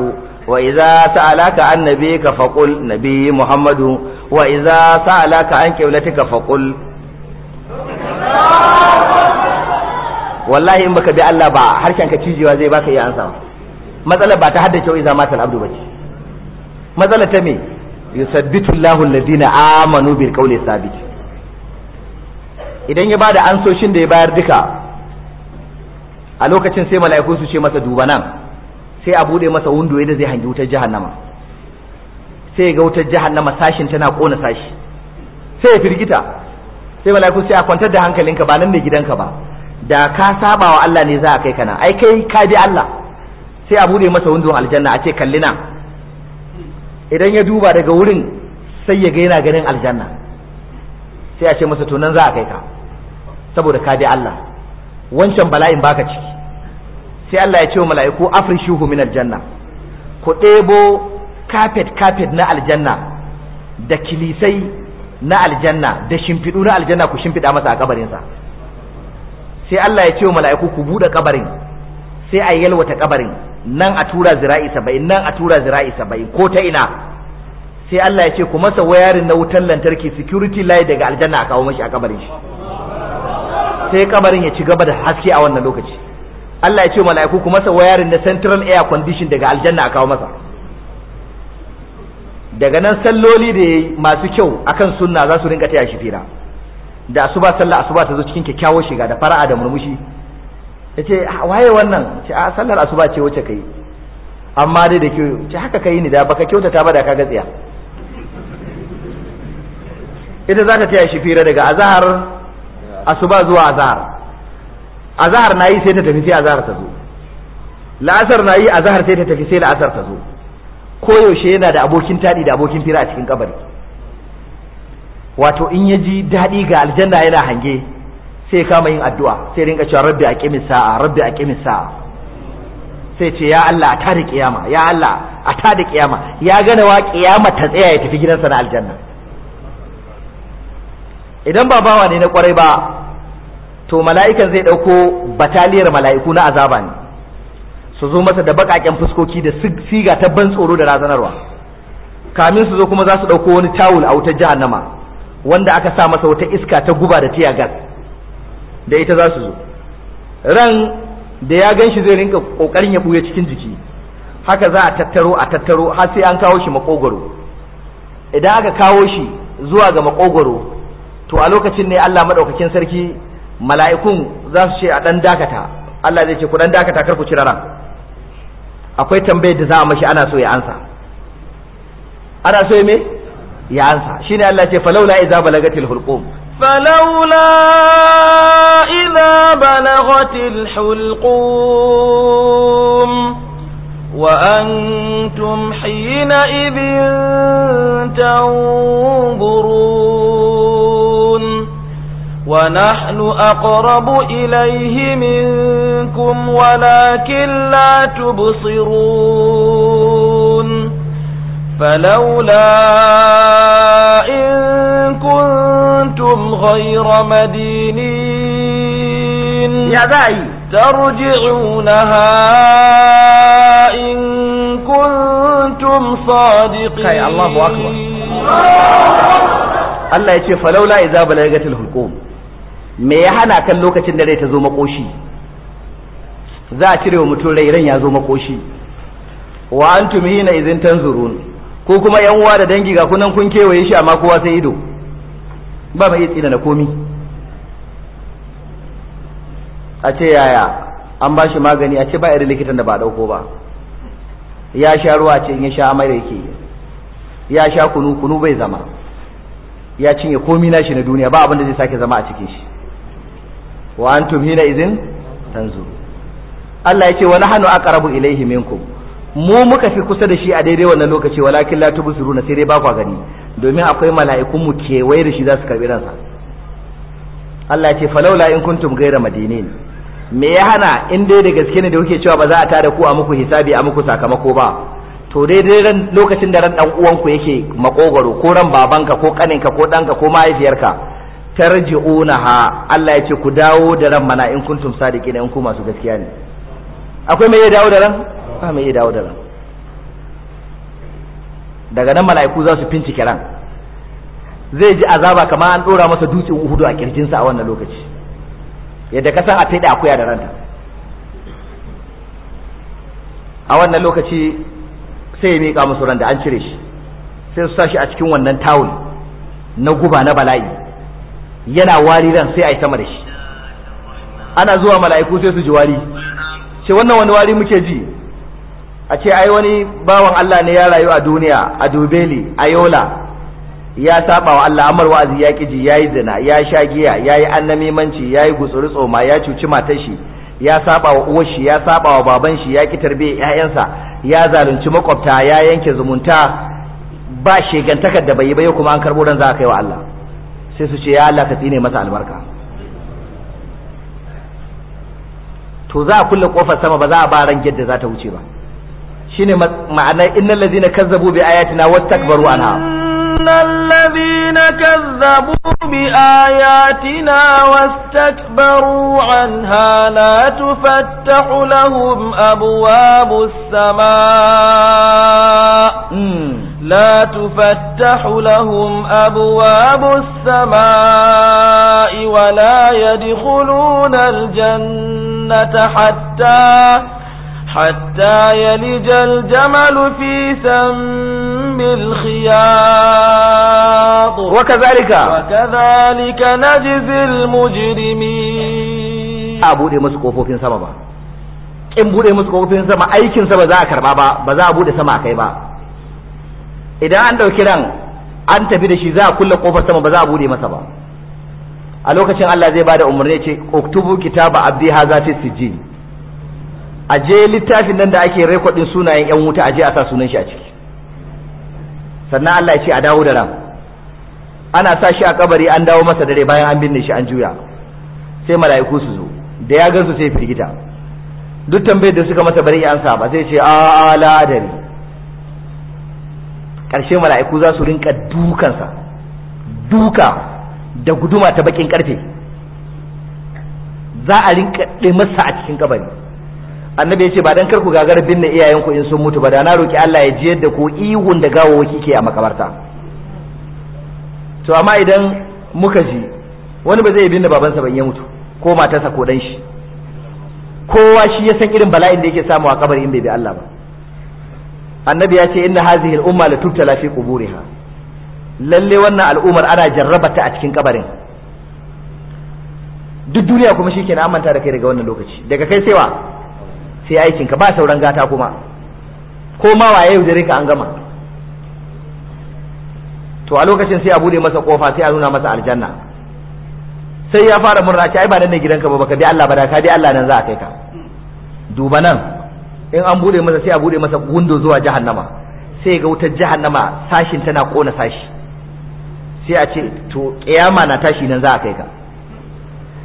wa idza sa'alaka an nabiyyika faqul nabiyyi muhammadu wa idza sa'alaka an qiblatika faqul wallahi in baka bi Allah ba harshen ka cijewa zai baka iya ansa matsalar ba ta haddace wa iza matal abdu bace matsalar ta me yusabbitu Allahu alladina amanu bil qawli sabit idan ya bada ansoshin da ya bayar duka a lokacin sai mala'iku su ce masa duba nan sai a bude masa wundo yadda zai hangi wutar jahannama sai ga wutar jahannama sashin tana kona sashi sai ya firgita sai mala'iku sai a kwantar da hankalinka ba nan ne gidanka ba da ka saba wa Allah ne za a kai kana ai kai ka bi Allah sai a bude masa windon aljanna a ce kalli na idan ya duba daga wurin sai ya ga yana ganin aljanna sai a ce masa to nan za a kai ka saboda ka bi Allah wancan bala'in baka ciki sai Allah ya ce wa mala'iku afrishuhu min aljanna ku ɗebo kafet kafet na aljanna da kilisai na aljanna da shimfiɗu na aljanna ku shimfiɗa masa a kabarinsa sai Allah ya ce wa mala'iku ku buɗe kabarin sai a yalwata kabarin nan a tura zira'i saba'in nan a tura zira'i saba'in ko ta ina sai Allah ya ce ku masa wayarin na wutan lantarki security light daga aljanna a kawo mashi a kabarin shi sai kabarin ya ci gaba da haske a wannan lokaci Allah ya ce mala'iku ku masa wayarin na central air condition daga aljanna a kawo masa daga nan salloli da masu kyau akan sunna za su rinka taya shi fira da asuba sallah asuba ta zo cikin kyakkyawar shiga da fara'a da murmushi yace waye wannan ce a ah, sallar asuba ce wacce kai amma dai da kyau ce haka kai ni da baka kyauta ba da ka gatsiya ita za ta taya shi fira daga azahar asuba zuwa azahar azahar na yi sai ta tafi sai azahar ta zo la'asar na yi azahar sai ta tafi sai la'asar ta zo koyaushe yana da abokin taɗi da abokin fira a cikin kabari wato in ya ji daɗi ga aljanna yana hange sai ya kama yin addu'a sai rinka cewa rabbi kimi sa'a rabbi kimi sa'a sai ce ya Allah a tada kiyama ya Allah a tada kiyama ya gane wa kiyama ta tsaya ya tafi gidansa na aljanna idan ba bawa ne na kwarai ba to mala'ikan zai dauko bataliyar mala'iku na azaba ne su zo masa da bakaken fuskoki da siga ta ban tsoro da razanarwa kamin su zo kuma za su dauko wani tawul a wutar jahannama wanda aka sa masa wata iska ta guba da tiya gas da ita za su zo ran da ya ganshi zai rinka kokarin ya buya cikin jiki haka za a tattaro a tattaro har sai an kawo shi makogoro idan aka kawo shi zuwa ga makogoro to a lokacin ne Allah madaukakin sarki mala'ikun za su ce a dan dakata Allah zai ce ku dan dakata kar ku cira ran akwai tambayar da za a mashi ana so ya ansa ana so ya me ya ansa shi ne Allah ce falaula iza balagatil hulqum falaula iza balagatil hulqum wa antum hina idin tanzurun nahnu aqrabu ilayhi minkum walakin la tubsirun فلولا إن كنتم غير مدينين يا باي ترجعونها إن كنتم صادقين الله أكبر Allah ya ce falaula iza balagatul hulqum me ya hana kan lokacin da rai ta zo makoshi za a cire wa mutum rai ran ya zo makoshi wa antum hina idin tanzurun ko kuma yan uwa da dangi ga kunan kun kewaye shi amma kowa sai ido ba mai tsina na komi a ce yaya an ba shi magani a ce ba irin likitan da ba dauko ba ya sha ruwa ce in ya sha amai da yake ya sha kunu kunu bai zama ya cinye komi na shi na duniya ba abin da zai sake zama a cikin shi wa antum hina izin tanzu Allah ya ce wa nahnu aqrabu ilayhi minkum mu muka fi kusa da shi a daidai wannan lokaci walakin la tubsiruna sai dai ba kwa gani domin akwai mala'ikun mu kewaye da shi za su karbi ransa Allah ya ce falaula in kuntum ghayra madinin me ya hana in dai da gaske ne da kuke cewa ba za a tada ku a muku hisabi a muku sakamako ba to daidai ran lokacin da ran dan uwanku yake makogaro ko ran babanka ko kaninka ko danka ko mahaifiyarka tarji'unaha Allah ya ce ku dawo da ran mana in kuntum sadiqina in ku masu gaskiya ne akwai me ya dawo da ran fa mai iya dawo da ran daga nan mala'iku za su fincike ran zai ji azaba kamar an dora masa dutsen uhudu a kirjinsa a wannan lokaci yadda ka san a taida akuya da ranta a wannan lokaci sai ya miƙa musu ran da an cire shi sai su sa shi a cikin wannan tawul na guba na bala'i yana wari ran sai a yi sama da shi ana zuwa mala'iku sai su ji wari ce wannan wani wari muke ji a ce ai wani bawan Allah ne ya rayu a duniya a dubeli a yola ya saba wa Allah amar wa'azi ya kiji ya yi zina ya sha giya ya yi annamimanci ya yi gutsuri tsoma ya cuci matar shi ya saba wa uwar shi ya saba wa baban shi ya ki tarbe ƴaƴansa ya zalunci makwabta ya yanke zumunta ba shegantakar da bai yi ba kuma an karbo ran za a kai wa Allah sai su ce ya Allah ka tsine masa albarka to za a kulle kofar sama ba za a ba ran yadda za ta wuce ba shine ma'anar innal ladina kazzabu bi ayatina wastakbaru anha innal ladina kazzabu bi ayatina wastakbaru anha la tuftahu lahum abwabus samaa لا تفتح لهم أبواب السماء ولا يدخلون الجنة حتى حتى يلج الجمل في سم الخياط وكذلك وكذلك نجزي المجرمين أبو دي مسكوفو في سما in bude musu kofofin sama aikin ba za a karba ba ba za a bude sama kai ba idan an ɗauki ran an tafi da shi za a kulle kofar sama ba za a bude masa ba a lokacin Allah zai bada umarni ce uktubu kitaba abdi haza a je littafin nan da ake rekodin sunayen yan wuta a je a sa sunan shi a ciki sannan Allah ya ce a dawo da ran ana sa shi a kabari an dawo masa dare bayan an binne shi an juya sai mala'iku su zo da ya gansu sai firgita duk tambayar da suka masa bari an sa ba sai ce a la karshe mala'iku za su rinka dukansa duka da guduma ta bakin karfe za a rinka masa a cikin kabari annabi ya ce ba dan karku ku gagara binne iyayenku in sun mutu ba da na roki Allah ya jiyar da ku ihun da gawawaki ke a makabarta to amma idan muka ji wani ba zai binne babansa ban ya mutu ko matarsa ko dan shi kowa shi ya san irin bala'in da yake samu a kabari in bai bi Allah ba annabi ya ce inna hazihi al-umma la tubtala fi quburiha lalle wannan al'ummar ana jarrabata a cikin kabarin duk duniya kuma shi na amanta da kai daga wannan lokaci daga kai sai sai aikin ka ba sauran gata kuma ko ma waye yaudare ka an gama to a lokacin sai a bude masa kofa sai a nuna masa aljanna sai ya fara murna ce ai ba nan ne gidanka ba baka bi Allah ba da ka bi Allah nan za a kai ka duba nan in an bude masa sai a bude masa gundo zuwa jahannama sai ga wutar jahannama sashin tana kona sashi sai a ce to kiyama na tashi nan za a kai ka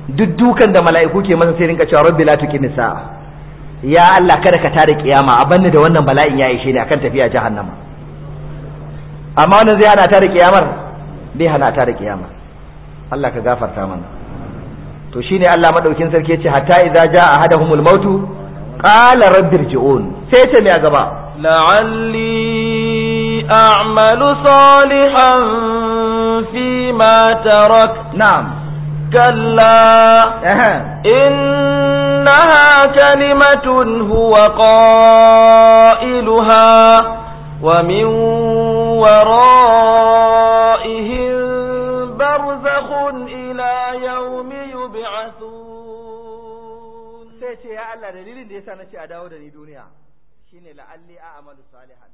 duk dukan da mala'iku ke masa sai rinka cewa rabbi la tuqimi sa'a ya Allah kada ka tare kiyama a banni da wannan bala'in ya ishe ni akan tafiya jahannama amma wannan zai hana tare kiyamar bai hana tare kiyama Allah ka gafarta mana to shine Allah madaukin sarki yace hatta idza jaa ahaduhumul mautu qala rabbirji'un sai ce me a gaba la'alli a'malu salihan fi ma tarak na'am كلا إنها كلمة هو قائلها ومن ورائهم برزخ إلى يوم يبعثون سيتي يا الله ليس نشي دنيا شيني لعلي أعمل صالحا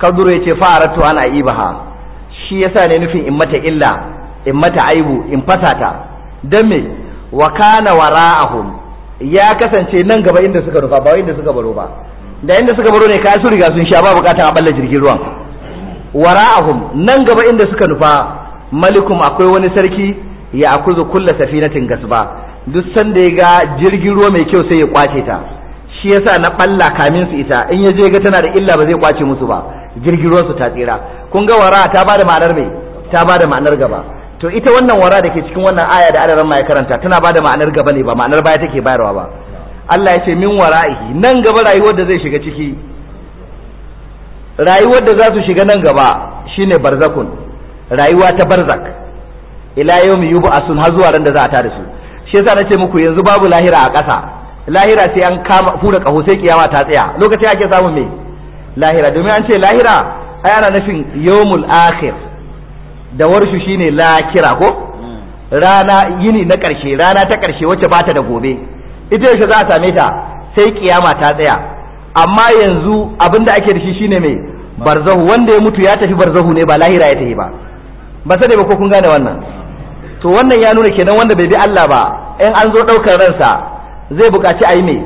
kaduru yace fa aratu ana ibaha shi yasa ne nufin in mata illa in mata aibu in ta dan me wa kana wara'ahum ya kasance nan gaba inda suka rufa ba inda suka baro ba da inda suka baro ne kai su riga sun sha ba bukatan a balla jirgin ruwan wara'ahum nan gaba inda suka nufa malikum akwai wani sarki ya akuzu kulla safinatin gasba duk sanda ya ga jirgin ruwa mai kyau sai ya kwace ta shi yasa na balla kamin su ita in ya je ga tana da illa ba zai kwace musu ba jirgin su ta tsira kun ga wara ta bada ma'anar mai ta bada ma'anar gaba to ita wannan wara da ke cikin wannan aya da adaran mai karanta tana bada ma'anar gaba ne ba ma'anar baya take bayarwa ba Allah ya ce min wara'ihi nan gaba rayuwar da zai shiga ciki rayuwar da za su shiga nan gaba shine barzakun rayuwa ta barzak ila yawmi yub'asun har zuwa ran da za a tada su shi yasa nace muku yanzu babu lahira a ƙasa lahira sai an kama fura kaho sai kiyama ta tsaya lokaci ake samun me lahira domin an ce lahira ai ana nufin yawmul akhir da warshu shine lakira ko rana yini na karshe rana ta karshe wacce ba ta da gobe ita yaushe za a same ta sai kiyama ta tsaya amma yanzu abin da ake da shi shine mai barzahu wanda ya mutu ya tafi barzahu ne ba lahira ya tafi ba ba sai ba ko kun gane wannan to wannan ya nuna kenan wanda bai bi Allah ba in an zo ɗaukar ransa zai bukaci a yi mai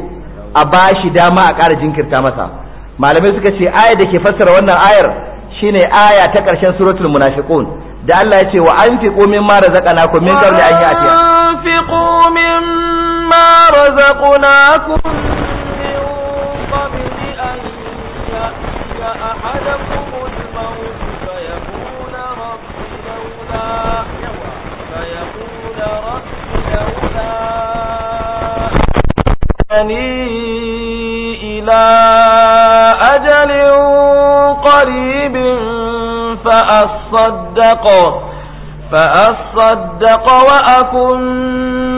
a bashi dama a ƙara jinkirta masa malamai suka ce ayar da ke fassara wannan ayar shine aya ta ƙarshen suratul munafiqun da Allah ya ce wa anfiqu mimma razaqnakum min qabli an ya'tiya anfiqu mimma razaqnakum min qabli an ya'tiya ahadakum al-maut fayaqula rabbi lawla fayaqula rabbi lawla ani ila فأصدق فأصدق وأكن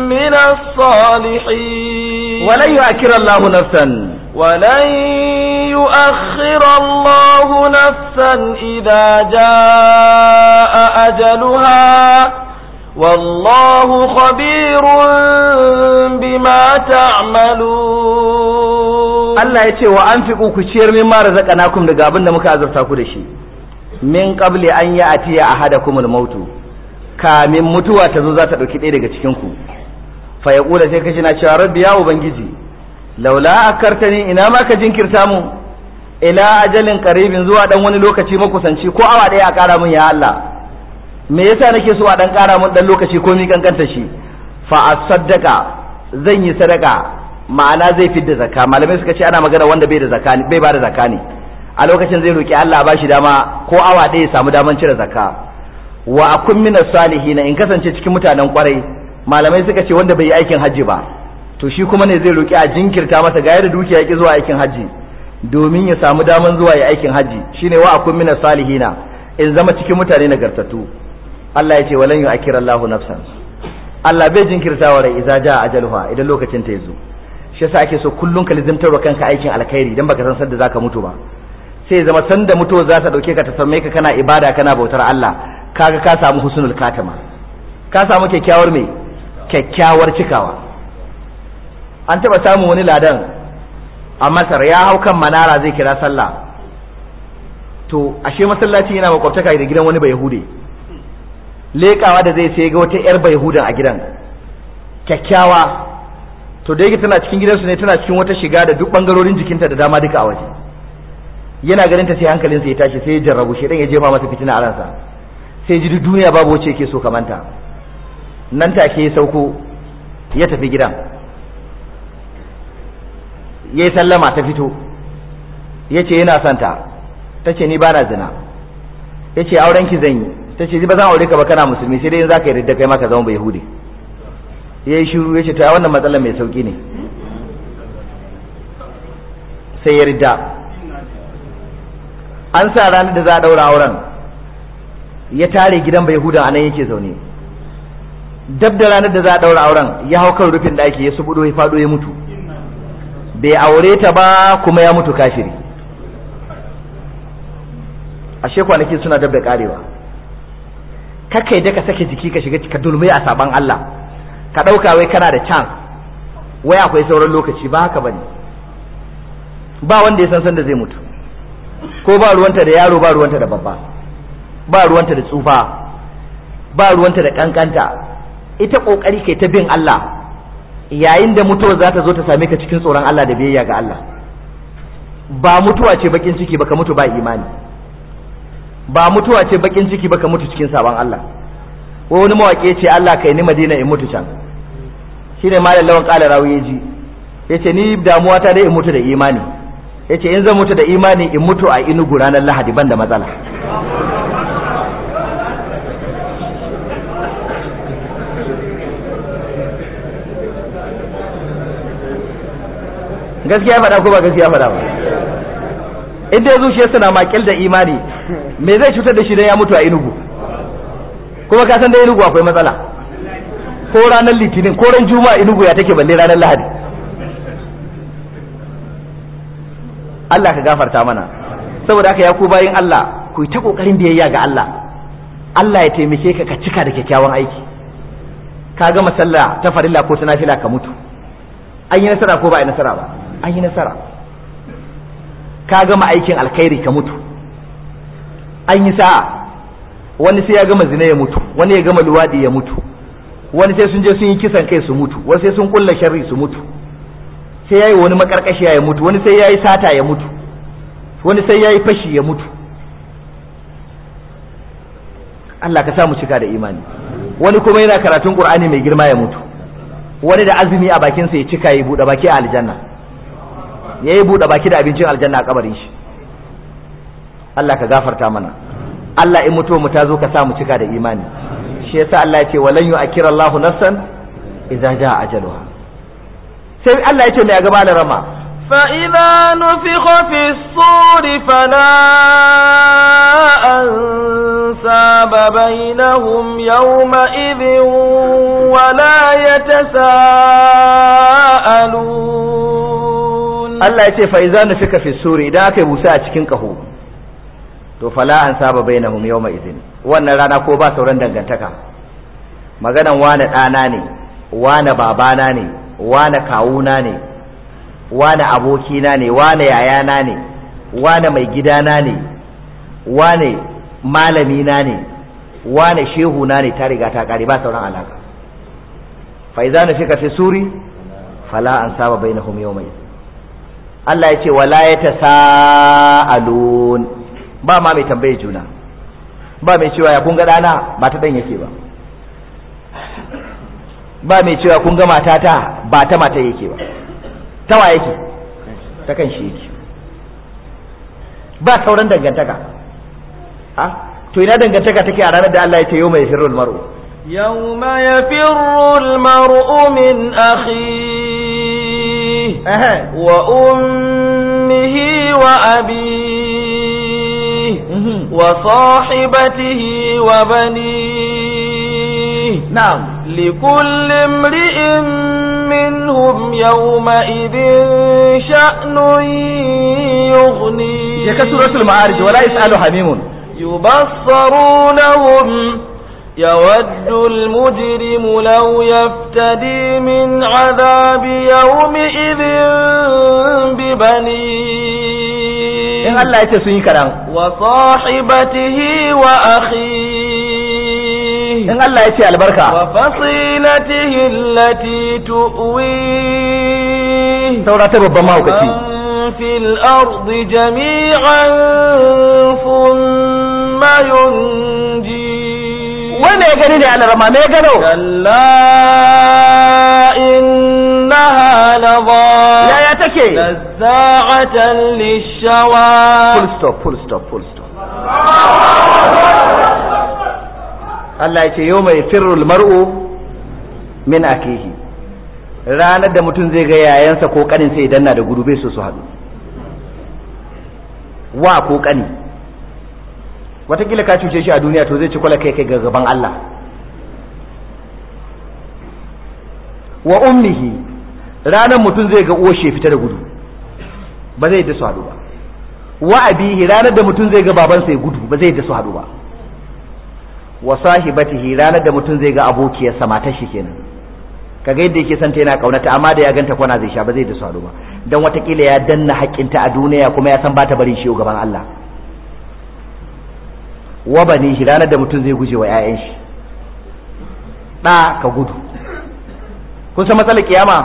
من الصالحين ولن يؤخر الله نفسا ولن يؤخر الله نفسا إذا جاء أجلها والله خبير بما تعملون Allah ya ce wa an fi ku ciyar min ma razaqanakum daga abin da muka azurta ku da shi min qabli an ya atiya ahadakumul mautu kamin mutuwa ta zo za ta ɗauki ɗaya daga cikin ku fa ya ƙula sai kashi na cewa rabbi ya ubangiji laula akartani ina ma ka jinkirta mu ila ajalin qaribin zuwa dan wani lokaci makusanci ko awa ɗaya a ƙara mun ya Allah me yasa nake so a dan ƙara mun dan lokaci ko mi kankanta shi fa asaddaka zan yi sadaka ma'ana zai fidda zakka malamai suka ce ana magana wanda bai da zakka bai ba da zakka ne a lokacin zai roki Allah ba shi dama ko awa ɗaya ya samu daman cire zakka wa akun min salihina in kasance cikin mutanen kwarai malamai suka ce wanda bai yi aikin hajji ba to shi kuma ne zai roki a jinkirta masa ga da dukiya yake zuwa aikin hajji domin ya samu daman zuwa ya aikin hajji shine wa akun min salihina in zama cikin mutane nagartattu Allah ya ce walan yu'akhir "Lahu nafsan Allah bai jinkirtawa rai idza jaa ajaluha idan lokacin ta yazo shi yasa ake so kullun ka wa kanka aikin alkhairi dan baka san sadda zaka mutu ba sai zama sanda mutuwar za ta dauke ka ta same ka kana ibada kana bautar Allah kaga ka samu husnul katama, ka samu kyakkyawar mai kyakkyawar cikawa an taba samu wani ladan a Masar ya hau kan manara zai kira sallah to ashe masallaci yana makwabtaka da gidan wani bai hude lekawa da zai sai ga wata yar bai a gidan kyakkyawa to da yake tana cikin gidansu ne tana cikin wata shiga da duk bangarorin jikinta da dama duka a waje yana ganin ta sai hankalinsa ya tashi sai ya jarrabu shi dan ya jefa masa fitina a ransa sai ji duniya babu wacce yake so kamanta nan take ya sauko ya tafi gidan ya yi sallama ta fito ya ce yana santa ta ce ni bana zina ya ce ki zan yi ta ce ba zan aure ka ba kana musulmi sai dai in za ka yarda kai ma ka zama ba yahudi ya yi shiru ya ce ta wannan matsalar mai sauki ne sai ya ridda. an sa ranar da za a daura auren ya tare gidan bai huda anan yake zaune dab da ranar da za a daura auren ya hau kan rufin ɗaki ya subudo ya fado ya mutu bai aure ta ba kuma ya mutu kafiri ashe kwanaki suna dab da karewa kakai da ka sake jiki ka shiga ka dulmai a saban Allah ka ɗauka wai kana da chance wai akwai sauran lokaci ba haka bane ba wanda ya san san da zai mutu ko ba ruwanta da yaro ba ruwanta da babba ba ruwanta da tsufa ba ruwanta da kankanta ita kokari ke ta bin Allah yayin da mutuwa za ta zo ta same ka cikin tsoron Allah da biyayya ga Allah ba mutuwa ce bakin ciki baka mutu ba imani ba mutuwa ce bakin ciki baka mutu cikin sabon Allah wani mawaƙi ce Allah kai ni Madina in mutu can shine malam lawan qala rawi yace ni damuwa ta dai in mutu da imani ya ce in zan mutu da imani in mutu a inugu ranar lahadi ban da matsala gaskiya faɗa ko ba gaskiya faɗa ba in ya zuciya suna makil da imani me zai cutar da shi dan ya mutu a inugu kuma ka san da inugu akwai matsala ko ranar litinin ko ran juma'a inugu ya take balle ranar lahadi Allah ka gafarta mana saboda haka ya ku bayin Allah ku yi ta kokarin biyayya ga Allah Allah ya taimake ka ka cika da kyakkyawan aiki ka gama sallah ta farilla ko ta nafila ka mutu an yi nasara ko ba nasara ba an yi nasara ka gama aikin alkhairi ka mutu an yi sa'a wani sai ya gama zina ya mutu wani ya gama luwadi ya mutu wani sai sun je sun yi kisan kai su mutu wani sai sun kulla sharri su mutu sai yayi wani makarkashiya ya mutu wani sai yayi sata ya mutu wani sai yayi fashi ya mutu Allah ka sa mu cika da imani wani kuma yana karatun Qur'ani mai girma ya mutu wani da azumi a bakinsa ya cika ya buɗe baki a aljanna ya yi buɗe baki da abincin aljanna a kabarin shi Allah ka gafarta mana Allah in mutuwa mu ta zo ka sa mu cika da imani shi yasa Allah ya ce walan Allahu nafsan idza jaa ajaluha sai Allah yake mai gaba da rama fa idha nufikha fi s-sur fa la ansaba bainahum yawma idhin wa la yatasalun Allah yake fa idha nufikha fi idan kai musa a cikin kaho to fa la ansaba bainahum yawma idhin wannan rana ko ba sauran dangantaka maganan wani dana ne wani babana ne wane kawuna ne wane abokina ne wane yayana ne wane mai gidana ne wane malamina ne wane shehuna ne ta riga ta kare ba sauran alaka fa idza nafika fi suri fala ansaba bainahum yawma Allah ya ce wala yatasaalun ba ma mai tambaye juna ba mai cewa ya kun ga dana ba ta ɗan yake ba ba mai cewa kun ga matata ba ta mata yake ba ta wa yake ta kan shi yake ba sauran dangantaka ha to ina dangantaka take a ranar da Allah ya ce yau mai firrul mar'u yau ma ya firrul mar'u min akhi wa ummihi wa abi mhm. wa sahibatihi wa bani نعم لكل امرئ منهم يومئذ شأن يغني يكسر المعارج ولا يسأل حميم يبصرونهم يود المجرم لو يفتدي من عذاب يومئذ ببنيه كلام وصاحبته وأخيه in Allah ya ce albarka wa fasilatihi allati tuwi saurata babban mahaukaci fil ardi jami'an thumma yunji wanda ya gani ne alarma me ya gano kalla innaha lawa yaya take nazza'atan lishawa full stop full stop full stop Allah ya ce yau mai firrul mar'u min akihi ranar da mutum zai ga yayansa ko kanin sai idan na da gudu bai so su haɗu wa ko kani watakila ka cuce shi a duniya to zai ci kwala kai kai ga gaban Allah wa ummihi ranar mutum zai ga oshe fita da gudu ba zai da su haɗu ba wa abihi ranar da mutum zai ga babansa ya gudu ba zai da su haɗu ba wa sahibatihi ranar da mutum zai ga abokiyarsa matar shi kenan kaga yadda yake santa yana kaunata amma da ya ganta kwana zai sha ba zai da saru ba dan watakila ya danna haƙinta a duniya kuma ya san ba ta barin shi gaban Allah wa bani shi ranar da mutum zai guje wa 'ya'yan shi Da ka gudu kun san matsalar kiyama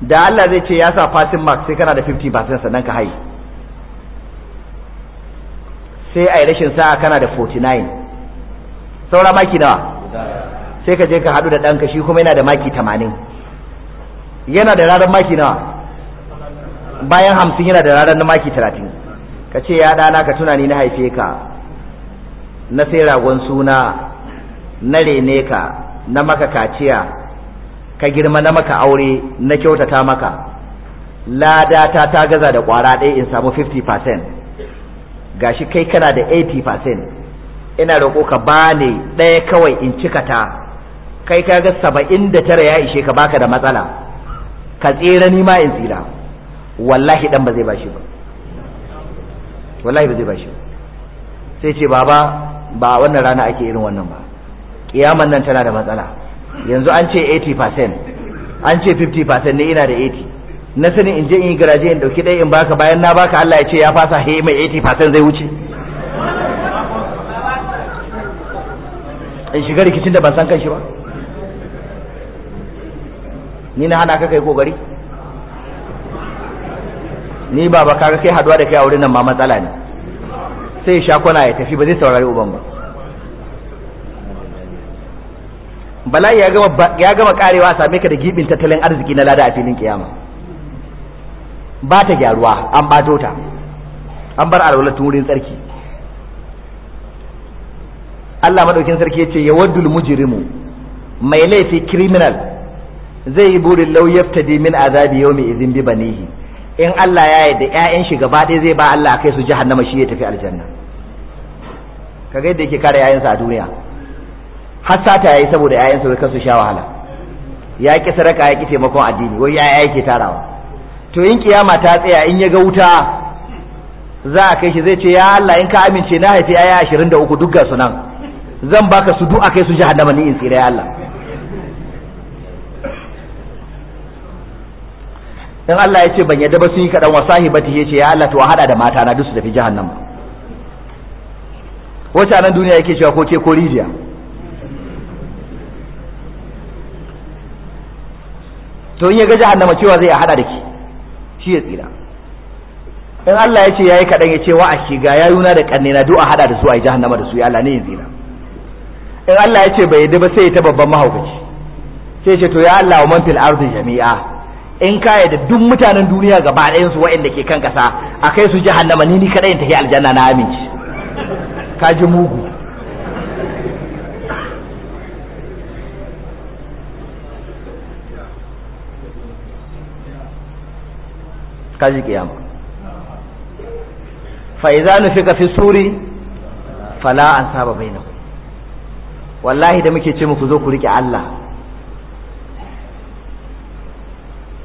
da Allah zai ce ya sa passing mark sai kana da 50% sannan ka haihu sai a yi rashin sa'a kana da 49 saura maki nawa sai ka je ka haɗu da ɗanka shi kuma yana da maki 80 yana da ranar maki nawa bayan hamsin yana da ranar maki 30 ka ce ya ɗana ka tuna ni na haife ka na sai ragon suna na rene ka na maka kaciya ka girma na maka aure na kyautata maka ladata ta gaza da kwara ɗaya in samu 50 gashi kai kana da 80% ina roƙo ka bani ɗaya kawai in cika ta kai ka ga 79 ya ishe ka baka da matsala ka tsira ni ma in tsira wallahi dan ba zai bashi ba wallahi ba zai bashi sai ce baba ba wannan rana ake irin wannan ba kiyaman nan tana da matsala yanzu an ce 80% an ce 50% ne ina da 80 na sanin in je in yi garaje in dauki ɗaya in baka bayan na baka Allah ya ce ya fasa he mai 80% zai wuce in shiga rikicin da ban san kanshi ba ni na hana ka kai kokari ni baba kaga kai haduwa da kai a wurin nan ma matsala ne sai sha kwana ya tafi ba zai saurari uban ba bala'i ya gama karewa same ka da gibin tattalin arziki na lada a filin kiyama ba ta gyaruwa an bato ta an bar alwalar wurin tsarki Allah madaukin sarki ya ce ya waddul mujrimu mai laifi criminal zai yi burin lau yaftadi min azabi yawmi idhin bi banihi in Allah ya da 'ya'yan shi gaba ɗaya zai ba Allah kai su jahannama shi ya tafi aljanna ga yadda yake kare ƴaƴansa a duniya har sata yayi saboda ƴaƴansa zai kasu sha wahala ya ki sadaka ya ki taimakon addini wai ƴaƴa yake tarawa to yin kiyama ta tsaya in ya ga wuta za a kai shi zai ce ya Allah in ka amince na haifi aya ashirin da uku duk su nan zan baka su duk kai su jahannama ni in tsira ya Allah in Allah ya ce ban yadda ba sun yi kaɗan wa bata ya ce ya Allah to a haɗa da mata na duk su tafi jahannama wacce nan duniya yake cewa ko ke ko rijiya to in ya ga jahannama cewa zai haɗa da ki shi ya tsira in Allah ya ce yayi kaɗan ya ce wa a shiga yayuna da ƙannena duk a haɗa da su a yi jahannama da su ya Allah ne ya tsira in Allah ya ce bai yadda ba sai ya ta babban mahaukaci sai ce to ya Allah wa man fil ardi jami'a in ka yadda duk mutanen duniya gaba ɗayan su waɗanda ke kan kasa a kai su jahannama ni ni kadai in tafi aljanna na aminci ka ji mugu kaji kiyama fa idza nufika fi suri fala saba bainakum wallahi da muke ce muku zo ku rike Allah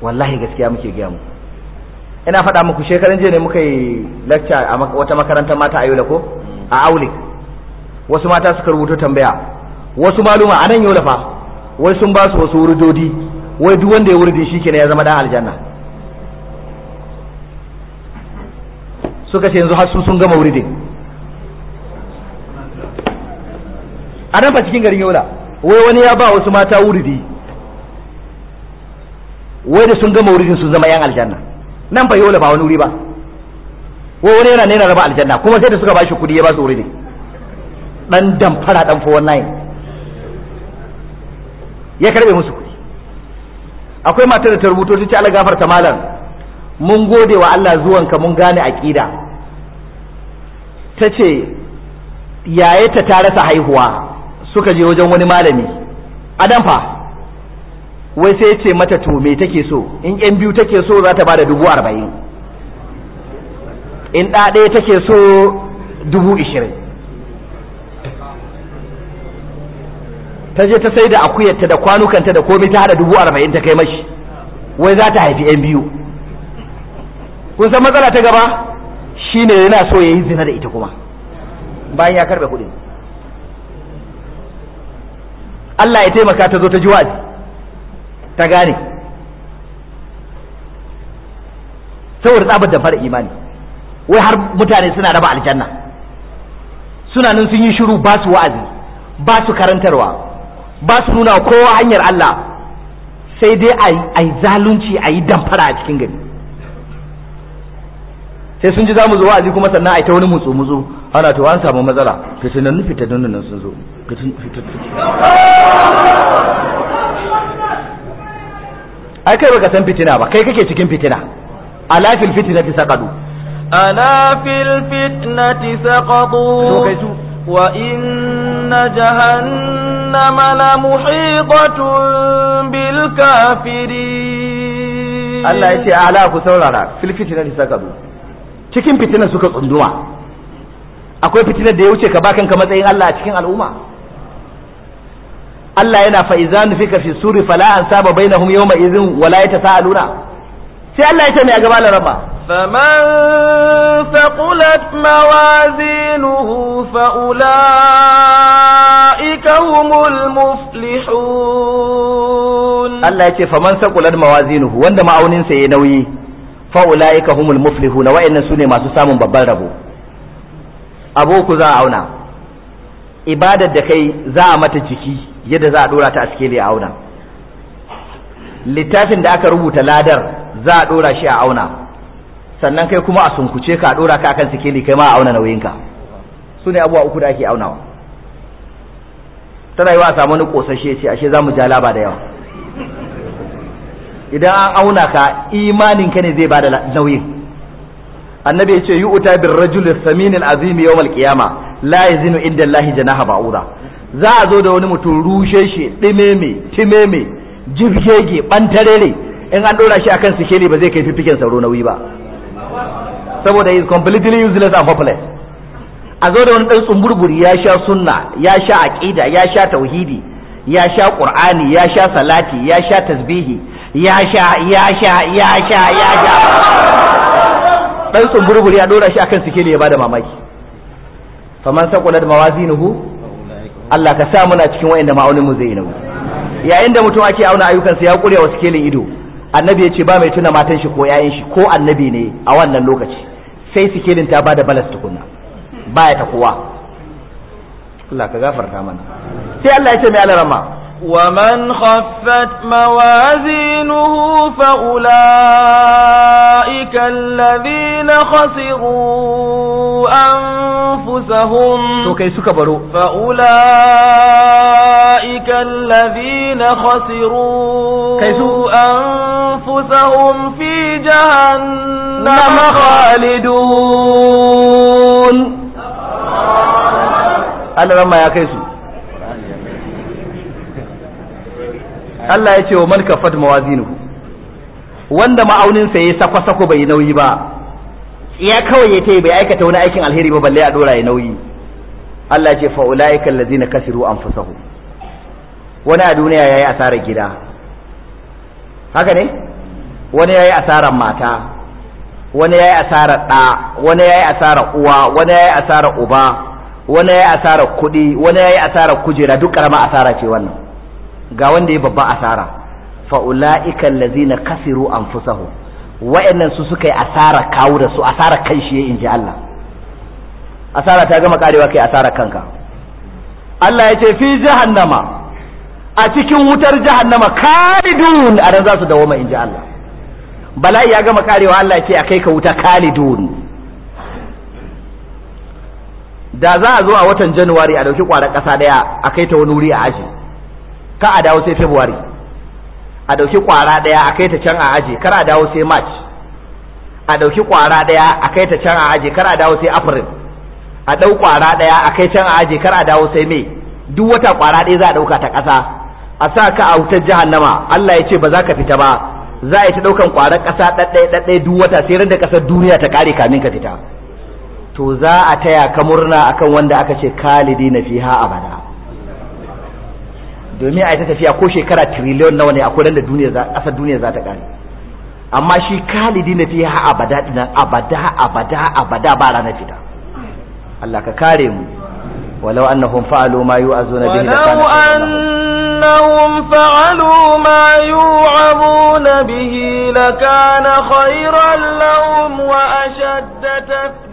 wallahi gaskiya muke ga mu ina faɗa muku shekaran jiya ne muka yi lecture a wata makarantar mata a yola ko a aule wasu mata suka rubuto tambaya wasu maluma a nan yola fa wai sun ba su wasu wurdodi wai duk wanda ya wurdi shi kenan ya zama dan aljanna suka ce yanzu har sun sun gama wuridin a nan fa cikin garin yola wai wani ya ba wasu mata wuridi wai da sun gama wuridin sun zama yan aljanna nan fa yola ba wani wuri ba wai wani yana naira raba aljanna kuma sai da suka bashi kudi ya ba su wuridi dan damfara dan fa wannan ya karbe musu kudi akwai matar da ta rubuto ta ce Allah gafarta malam mun gode wa Allah zuwanka mun gane aqida ta ce yaye ta rasa haihuwa suka je wajen wani malami adam fa wai sai ce mata to me take so in yan biyu take so za ta bada dubu arba'in in ɗa ɗaya take so dubu ishirin ta je ta sai da akuyarta da kwanukanta da komai ta hada dubu arba'in ta kai mashi wai za ta haifi yan biyu kun san matsala ta gaba Shi ne yana so ya yi zina da ita kuma bayan ya karbe kuɗi. Allah ya taimaka ta zo ta ji wa'azi ta gane saboda tsabar da fara imani wai har mutane suna raba aljanna suna nan sun yi shiru ba su wa'azi ba su karantarwa ba su nuna kowa hanyar Allah sai dai a yi zalunci a yi damfara a cikin gari sai sun ji za mu zo wa'azi kuma sannan a ita wani mutsu mutsu ana to an samu matsala fitinan fitinan nan sun zo ai kai baka san fitina ba kai kake cikin fitina alafil fitnati saqadu alafil fitnati saqadu wa inna jahannama la muhitatun bil kafirin Allah ya ce ala ku saurara fil fitnati saqadu cikin fitinar suka tsunduma akwai fitinar da ya wuce ka bakanka matsayin Allah a cikin al'umma Allah yana fa'iza nufika fi suri fala an saba bainahum yawma idhin wala yatasaaluna sai Allah ya ce mai gaba laraba faman faqulat mawazinuhu fa ulaika humul muflihun Allah ya ce faman faqulat mawazinuhu wanda ma'aunin sa yayi nauyi fa ulaika humul muflihuna su sune masu samun babban rabo ku za a auna ibadar da kai za a mata jiki yadda za a dora ta a sikeli a auna littafin da aka rubuta ladar za a dora shi a auna sannan kai kuma a sunkuce ka ɗora dora ka akan sikeli kai ma a auna nauyinka su ne abuwa uku da ake aunawa ta yi wa a samu ni kosashe ce ashe za mu ja laba da yawa idan an auna ka imanin ka ne zai bada nauyin annabi ya ce yi uta bin rajul saminil azimi yawmal qiyama la yazinu inda allahi janaha ba'ura za a zo da wani mutum rushe shi dimeme timeme jibgege bantarere in an dora shi akan sikeli ba zai kai fifiken sauro nauyi ba saboda he is completely useless and hopeless a zo da wani dan tsumburburi ya sha sunna ya sha aqida ya sha tauhidi ya sha qur'ani ya sha salati ya sha tasbihi ya sha ya sha ya sha ya sha dan burburi ya dora shi akan ne ya bada mamaki faman saqulat mawazinuhu Allah ka sa muna cikin wayanda ma'aunin mu zai nauyi yayin da mutum ake auna ayyukan sa ya kure wa sikelin ido annabi ya ce ba mai tuna matan shi ko yayin shi ko annabi ne a wannan lokaci sai sikelin ta bada balas tukunna baya ta kowa Allah ka gafarta mana sai Allah ya ce mai alarama ومن خفت موازينه فأولئك الذين خسروا أنفسهم فأولئك الذين خسروا أنفسهم في جهنم نعم. خالدون ألا لما يكيسوا Allah ya ce wa malka fad mawazinuhu wanda ma'auninsa yayi sako-sako bai nauyi ba ya kawai ya tayi bai aikata wani aikin alheri ba balle a dora ya nauyi Allah ya ce fa ulaika allazina kasiru anfusahu wani a duniya yayi asarar gida haka ne wani yayi asarar mata wani yayi asarar da wani yayi asarar uwa wani yayi asarar uba wani yayi asarar kudi wani yayi asarar kujera duk karama asara ce wannan ga wanda ya babba asara fa ulaika allazina kafiru anfusahum wa'annan su suka yi asara kawo da su asara kan shi ji Allah asara ta gama karewa kai asara kanka Allah ya ce fi jahannama a cikin wutar jahannama kalidun a nan za su in ji Allah bala'i ya gama karewa Allah ya ce a kai ka wuta kalidun da za a zo a watan januwari a dauki kwarar kasa daya a kai ta wani wuri a aji ka a dawo sai february a dauki kwara daya a kai ta can a aje kar a dawo sai march a dauki kwara daya a kai ta can a aje kar a dawo sai april a dau kwara daya a kai can a aje kar a dawo sai may duk wata kwara daya za a dauka ta kasa a sa ka a wutar jahannama Allah ya ce ba za ka fita ba za a yi ta daukan kwarar kasa ɗaɗɗai ɗaɗɗai duk wata sai ran da ƙasar duniya ta ƙare kamin ka fita to za a taya ka murna akan wanda aka ce kalidi na fiha abada domin a yi ta tafiya ko shekara triliyon nawa ne akwai da duniya za ƙasar duniya za ta ƙare amma shi kalidi na fiye ha abada dinan abada abada abada ba ranar fita Allah ka kare mu ولو أنهم فعلوا ما يوعظون به ولو أنهم فعلوا ما يوعظون به لكان خيرا لهم وأشد تثبيتا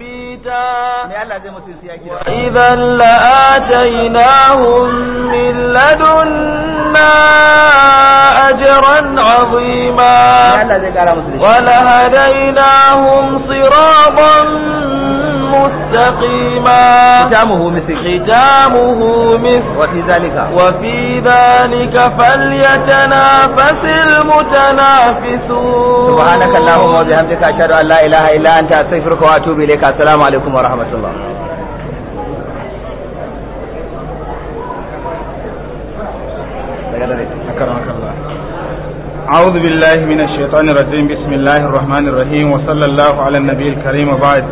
gida idan la'atayna hun min ladun na ajiran azima wala hadayna مستقيما ختامه مثل ختامه مثل وفي ذلك وفي ذلك فليتنافس المتنافسون سبحانك اللهم وبحمدك أشهد أن لا إله إلا أنت أستغفرك وأتوب إليك السلام عليكم ورحمة الله أعوذ بالله من الشيطان الرجيم بسم الله الرحمن الرحيم وصلى الله على النبي الكريم وبعد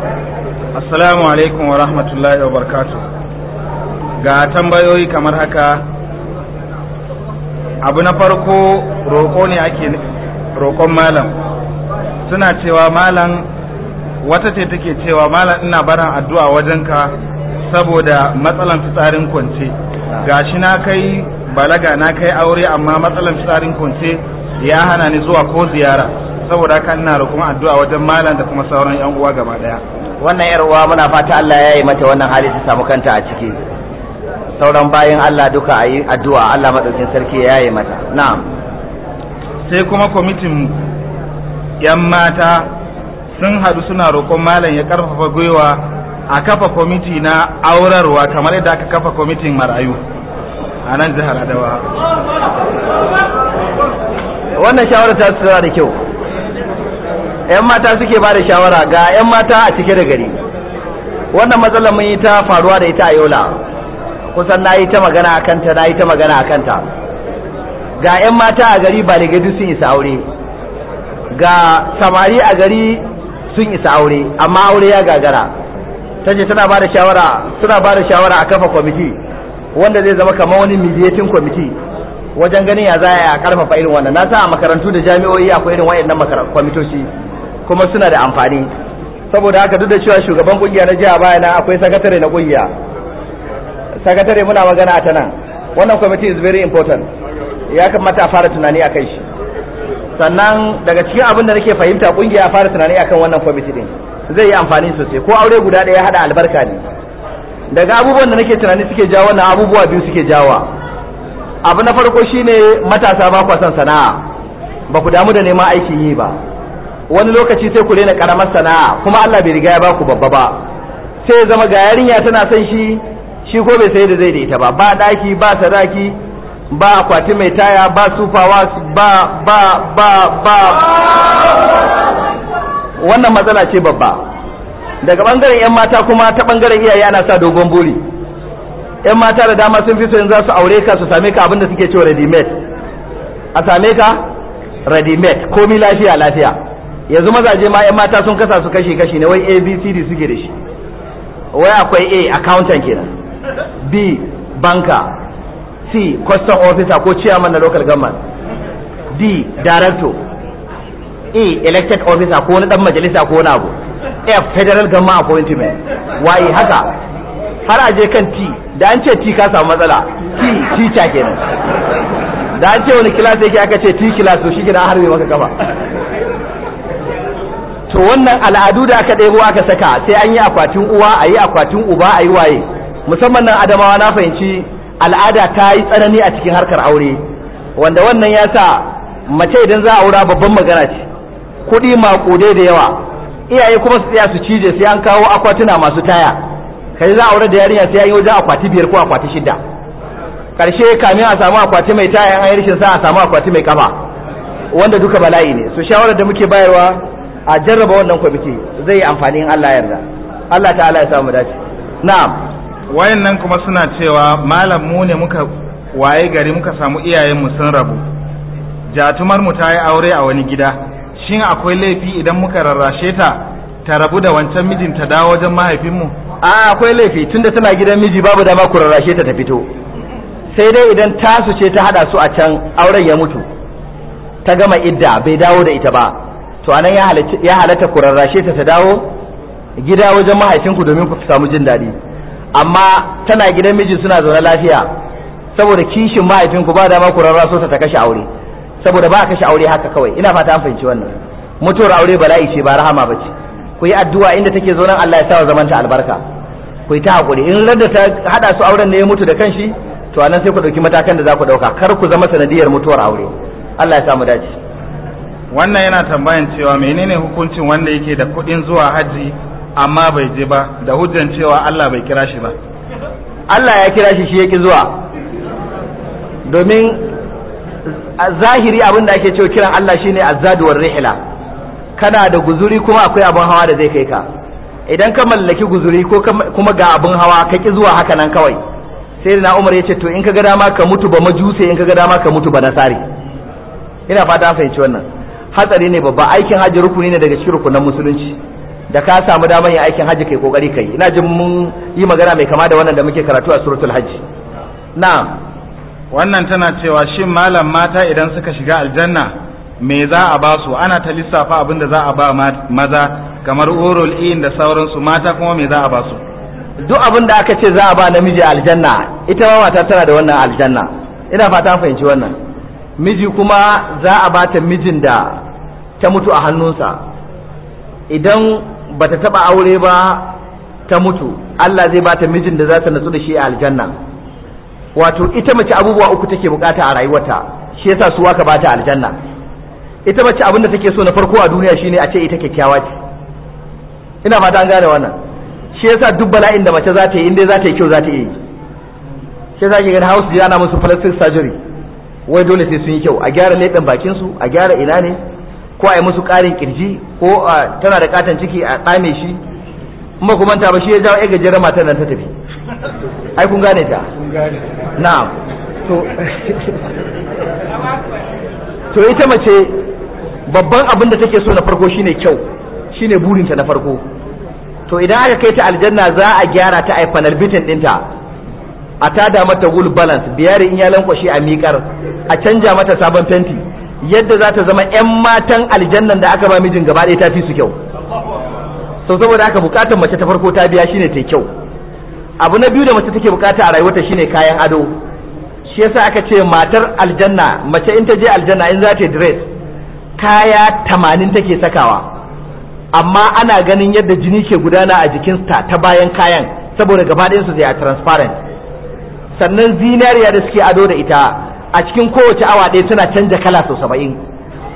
assalamu alaikum wa rahmatullahi wa barkatu ga tambayoyi kamar haka abu na farko roƙo ne ake roƙon malam suna cewa malam wata ce take cewa malam ina barin addu'a wajenka saboda matsalan fitsarin kwance gashi na kai balaga na kai aure amma matsalan fitsarin kwance ya hana ni zuwa ko ziyara saboda haka ina roƙon addu'a wajen malam da kuma sauran yan uwa gaba daya wannan yarwa muna fata Allah ya yi mata wannan hali ta samu kanta a ciki sauran bayan Allah duka a yi addu'a Allah maɗaukin sarki ya yi mata na'am sai kuma kwamitin yan mata sun haɗu suna roƙon malam ya ƙarfafa gwiwa a kafa kwamiti na aurarwa kamar yadda aka kafa kwamitin marayu a nan jihar Adawa wannan shawarar ta tsira da kyau 'yan mata suke ba da shawara ga 'yan mata a cike da gari wannan matsalar mun yi ta faruwa da ita a yola kusan na yi ta magana a kanta na yi ta magana a kanta ga 'yan mata a gari ba daga sun isa aure ga samari a gari sun isa aure amma aure ya gagara ta ce tana ba da shawara suna ba da shawara a kafa kwamiti wanda zai zama kamar wani mediating kwamiti wajen ganin ya za a karfafa irin wannan na sa a makarantu da jami'o'i akwai irin wayannan kwamitoci kuma suna da amfani saboda haka duk da cewa shugaban kungiya na jiha bayana akwai sakatare na kungiya sakatare muna magana ta nan wannan committee is very important ya kamata a fara tunani a kai shi sannan daga cikin abin da nake fahimta kungiya fara tunani akan wannan committee din zai yi amfani sosai ko aure guda ɗaya hada albarka ne daga abubuwan da nake tunani suke jawo wannan abubuwa biyu suke jawo abu na farko shine matasa ba kwa sana'a ba ku damu da neman aikin yi ba wani lokaci sai ku rena karamar sana'a kuma Allah bai riga ya ba ku babba ba sai ya zama ga yarinya tana son shi shi ko bai sai da zai da ita ba ba daki ba sadaki ba akwati mai taya ba sufawa ba ba ba ba wannan matsala ce babba daga bangaren yan mata kuma ta bangaren iyaye ana sa dogon buri yan mata da dama sun fi so za su aure ka su same ka abin da suke cewa ready made a same ka ready made komi lafiya lafiya yanzu mazaje ma yan mata sun kasa su kashi kashi ne wai abcd suke da shi wai akwai a accountant kenan b banka c custom officer ko chairman na local government d director A, e, elected officer ko wani dan majalisa ko wani abu f federal government appointment waye haka har a je kan t da an ce t ka samu matsala t teacher kenan da an ce wani class yake aka ce t class to shi har harbe maka kafa to wannan al'adu da aka ɗebo aka saka sai an yi akwatin uwa a yi akwatin uba a yi waye musamman nan adamawa na fahimci al'ada ta yi tsanani a cikin harkar aure wanda wannan ya sa mace idan za a aura babban magana ce kuɗi maƙudai da yawa iyaye kuma su tsaya su cije sai an kawo akwatuna masu taya kai za a aure da yarinya sai an yi wajen akwati biyar ko akwati shida karshe kamin a samu akwati mai taya an yi rashin sa a samu akwati mai kafa wanda duka bala'i ne su shawarar da muke bayarwa a jarraba wannan kwamiti zai yi amfani in Allah yarda Allah ta'ala ya samu dace na'am wayannan kuma suna cewa malam mu ne muka waye gari muka samu iyayen mu sun rabu jatumar mu ta yi aure a wani gida shin akwai laifi idan muka rarrashe ta ta rabu da wancan mijin ta dawo wajen mahaifinmu a akwai laifi tunda tana gidan miji babu dama ku rarrashe ta ta fito sai dai idan tasu ce ta hada su a can auren ya mutu ta gama idda bai dawo da ita ba to anan ya halatta ku rarrashe ta ta dawo gida wajen mahaifinku domin ku samu jin daɗi amma tana gidan miji suna zaune lafiya saboda kishin mahaifinku ba dama ku rarraso ta ta kashe aure saboda ba a kashe aure haka kawai ina fata an fahimci wannan mutuwar aure bala'i ce ba rahama ba ce ku yi addu'a inda take zo Allah ya sa wa zamanta albarka ku yi ta hakuri in radda ta haɗa su auren ne ya mutu da kanshi to anan sai ku ɗauki matakan da za ku ɗauka kar ku zama sanadiyar mutuwar aure Allah ya sa mu dace wannan yana tambayan cewa menene hukuncin wanda yake da kuɗin zuwa haji amma bai je ba da hujjan cewa Allah bai kira shi ba Allah ya kira shi shi yake zuwa domin zahiri abin da ake cewa kiran Allah shine war rihla kana da guzuri kuma akwai abin hawa da zai kai ka idan ka mallaki guzuri ko kuma ga abin hawa ka ki zuwa haka nan kawai sai na Umar ya ce to in ka ga dama ka mutu ba majuse in ka ga dama ka mutu ba nasari ina fata an fahimci wannan hatsari ne babba aikin haji rukuni ne daga cikin rukunan musulunci da ka samu damar yin aikin haji kai kokari kai ina jin mun yi magana mai kama da wannan da muke karatu a suratul hajji na'am wannan tana cewa shin malam mata idan suka shiga aljanna me za a ba su ana ta lissafa abin da za a ba maza kamar urul in da sauransu mata kuma me za a ba su duk abin da aka ce za a ba namiji aljanna ita ma mata tana da wannan aljanna ina fata fahimci wannan miji kuma za a bata mijin da ta mutu a hannunsa idan ba ta taɓa aure ba ta mutu Allah zai ba ta mijin da za ta natsu da shi a aljanna wato ita mace abubuwa uku take bukata a rayuwarta shi yasa su aka bata aljanna ita mace abin da take so na farko a duniya shine a ce ita kyakkyawa ce ina fata an gane wannan shi yasa duk bala'in da mace za ta yi indai za ta yi kyau za ta yi shi yasa kiga house ana musu plastic surgery wai dole sai sun yi kyau a gyara leɓen bakin su a gyara ina ne ko a yi musu ƙarin kirji ko a tana da katon ciki a tsame shi kuma kuma ta ba shi ya jawo ya gajera matar nan ta tafi ai kun gane ta na'am to to ita mace babban abin da take so na farko shine kyau shine burinta na farko to idan aka kai ta aljanna za a gyara ta a panel bitin dinta a tada mata wool balance biyar in ya lankwashe a miƙar a canja mata sabon fenti yadda za ta zama 'yan matan aljannan da aka ba mijin gaba ɗaya ta fi su kyau sau saboda aka bukatar mace ta farko ta biya shine ta kyau abu na biyu da mace take bukata a rayuwarta shine kayan ado shi yasa aka ce matar aljanna mace in ta je aljanna in za ta dress kaya tamanin take sakawa amma ana ganin yadda jini ke gudana a jikinsa ta bayan kayan saboda gaba ɗayansu zai a transparent sannan zinariya da suke ado da ita a cikin kowace awa ɗaya suna canja kala sau saba'in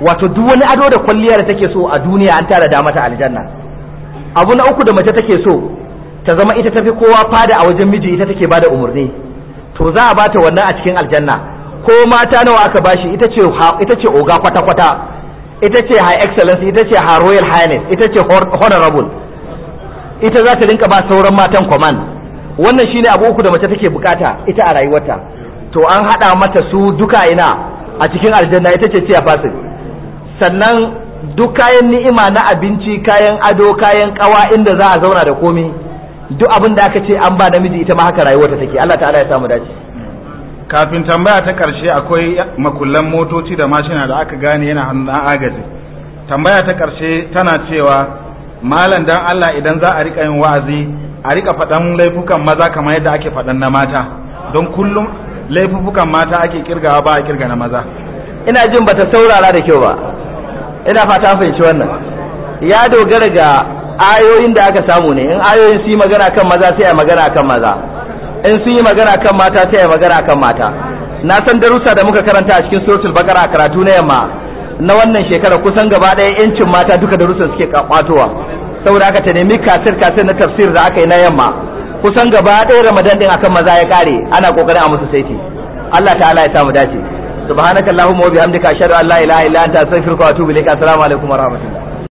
wato duk wani ado da kwalliya da take so a duniya an tara da mata aljanna abu na uku da mace take so ta zama ita tafi kowa fada a wajen miji ita take bada umarni to za a bata wannan a cikin aljanna ko mata nawa aka bashi ita ce ita ce oga kwata kwata ita ce high excellence ita ce High royal highness ita ce honorable ita za ta rinka ba sauran matan command wannan shine abu uku da mace take bukata ita a rayuwarta to an haɗa mata su duka ina a cikin aljanna ita ce ciya fasil sannan duk kayan ni'ima na abinci kayan ado kayan kawa inda za a zauna da komi duk abin da aka ce an ba namiji ita ma haka rayuwarta take Allah ta'ala ya samu dace kafin tambaya ta karshe akwai makullan motoci da mashina da aka gane yana hannun agaji tambaya ta karshe tana cewa malam dan Allah idan za a rika yin wa'azi a rika faɗan laifukan maza kamar yadda ake faɗan na mata don kullum laifukan mata ake kirgawa ba a kirga na maza ina jin bata saurara da kyau ba ina fata fahimci wannan ya dogara ga ayoyin da aka samu ne in ayoyin su yi magana kan maza sai a magana kan maza in sun yi magana kan mata sai a magana kan mata na san darussa da muka karanta a cikin suratul bakara karatu na yamma na wannan shekara kusan gaba ɗaya yancin mata duka darussan suke kwatowa saboda aka ta nemi kasir kasir na tafsir da aka yi na yamma kusan gaba ɗaya ramadan din akan maza ya kare ana kokarin a musu saiti Allah ta'ala ya samu dace subhanakallahumma wa bihamdika ashhadu an la ilaha illa anta astaghfiruka wa atubu ilaik assalamu alaikum wa rahmatullah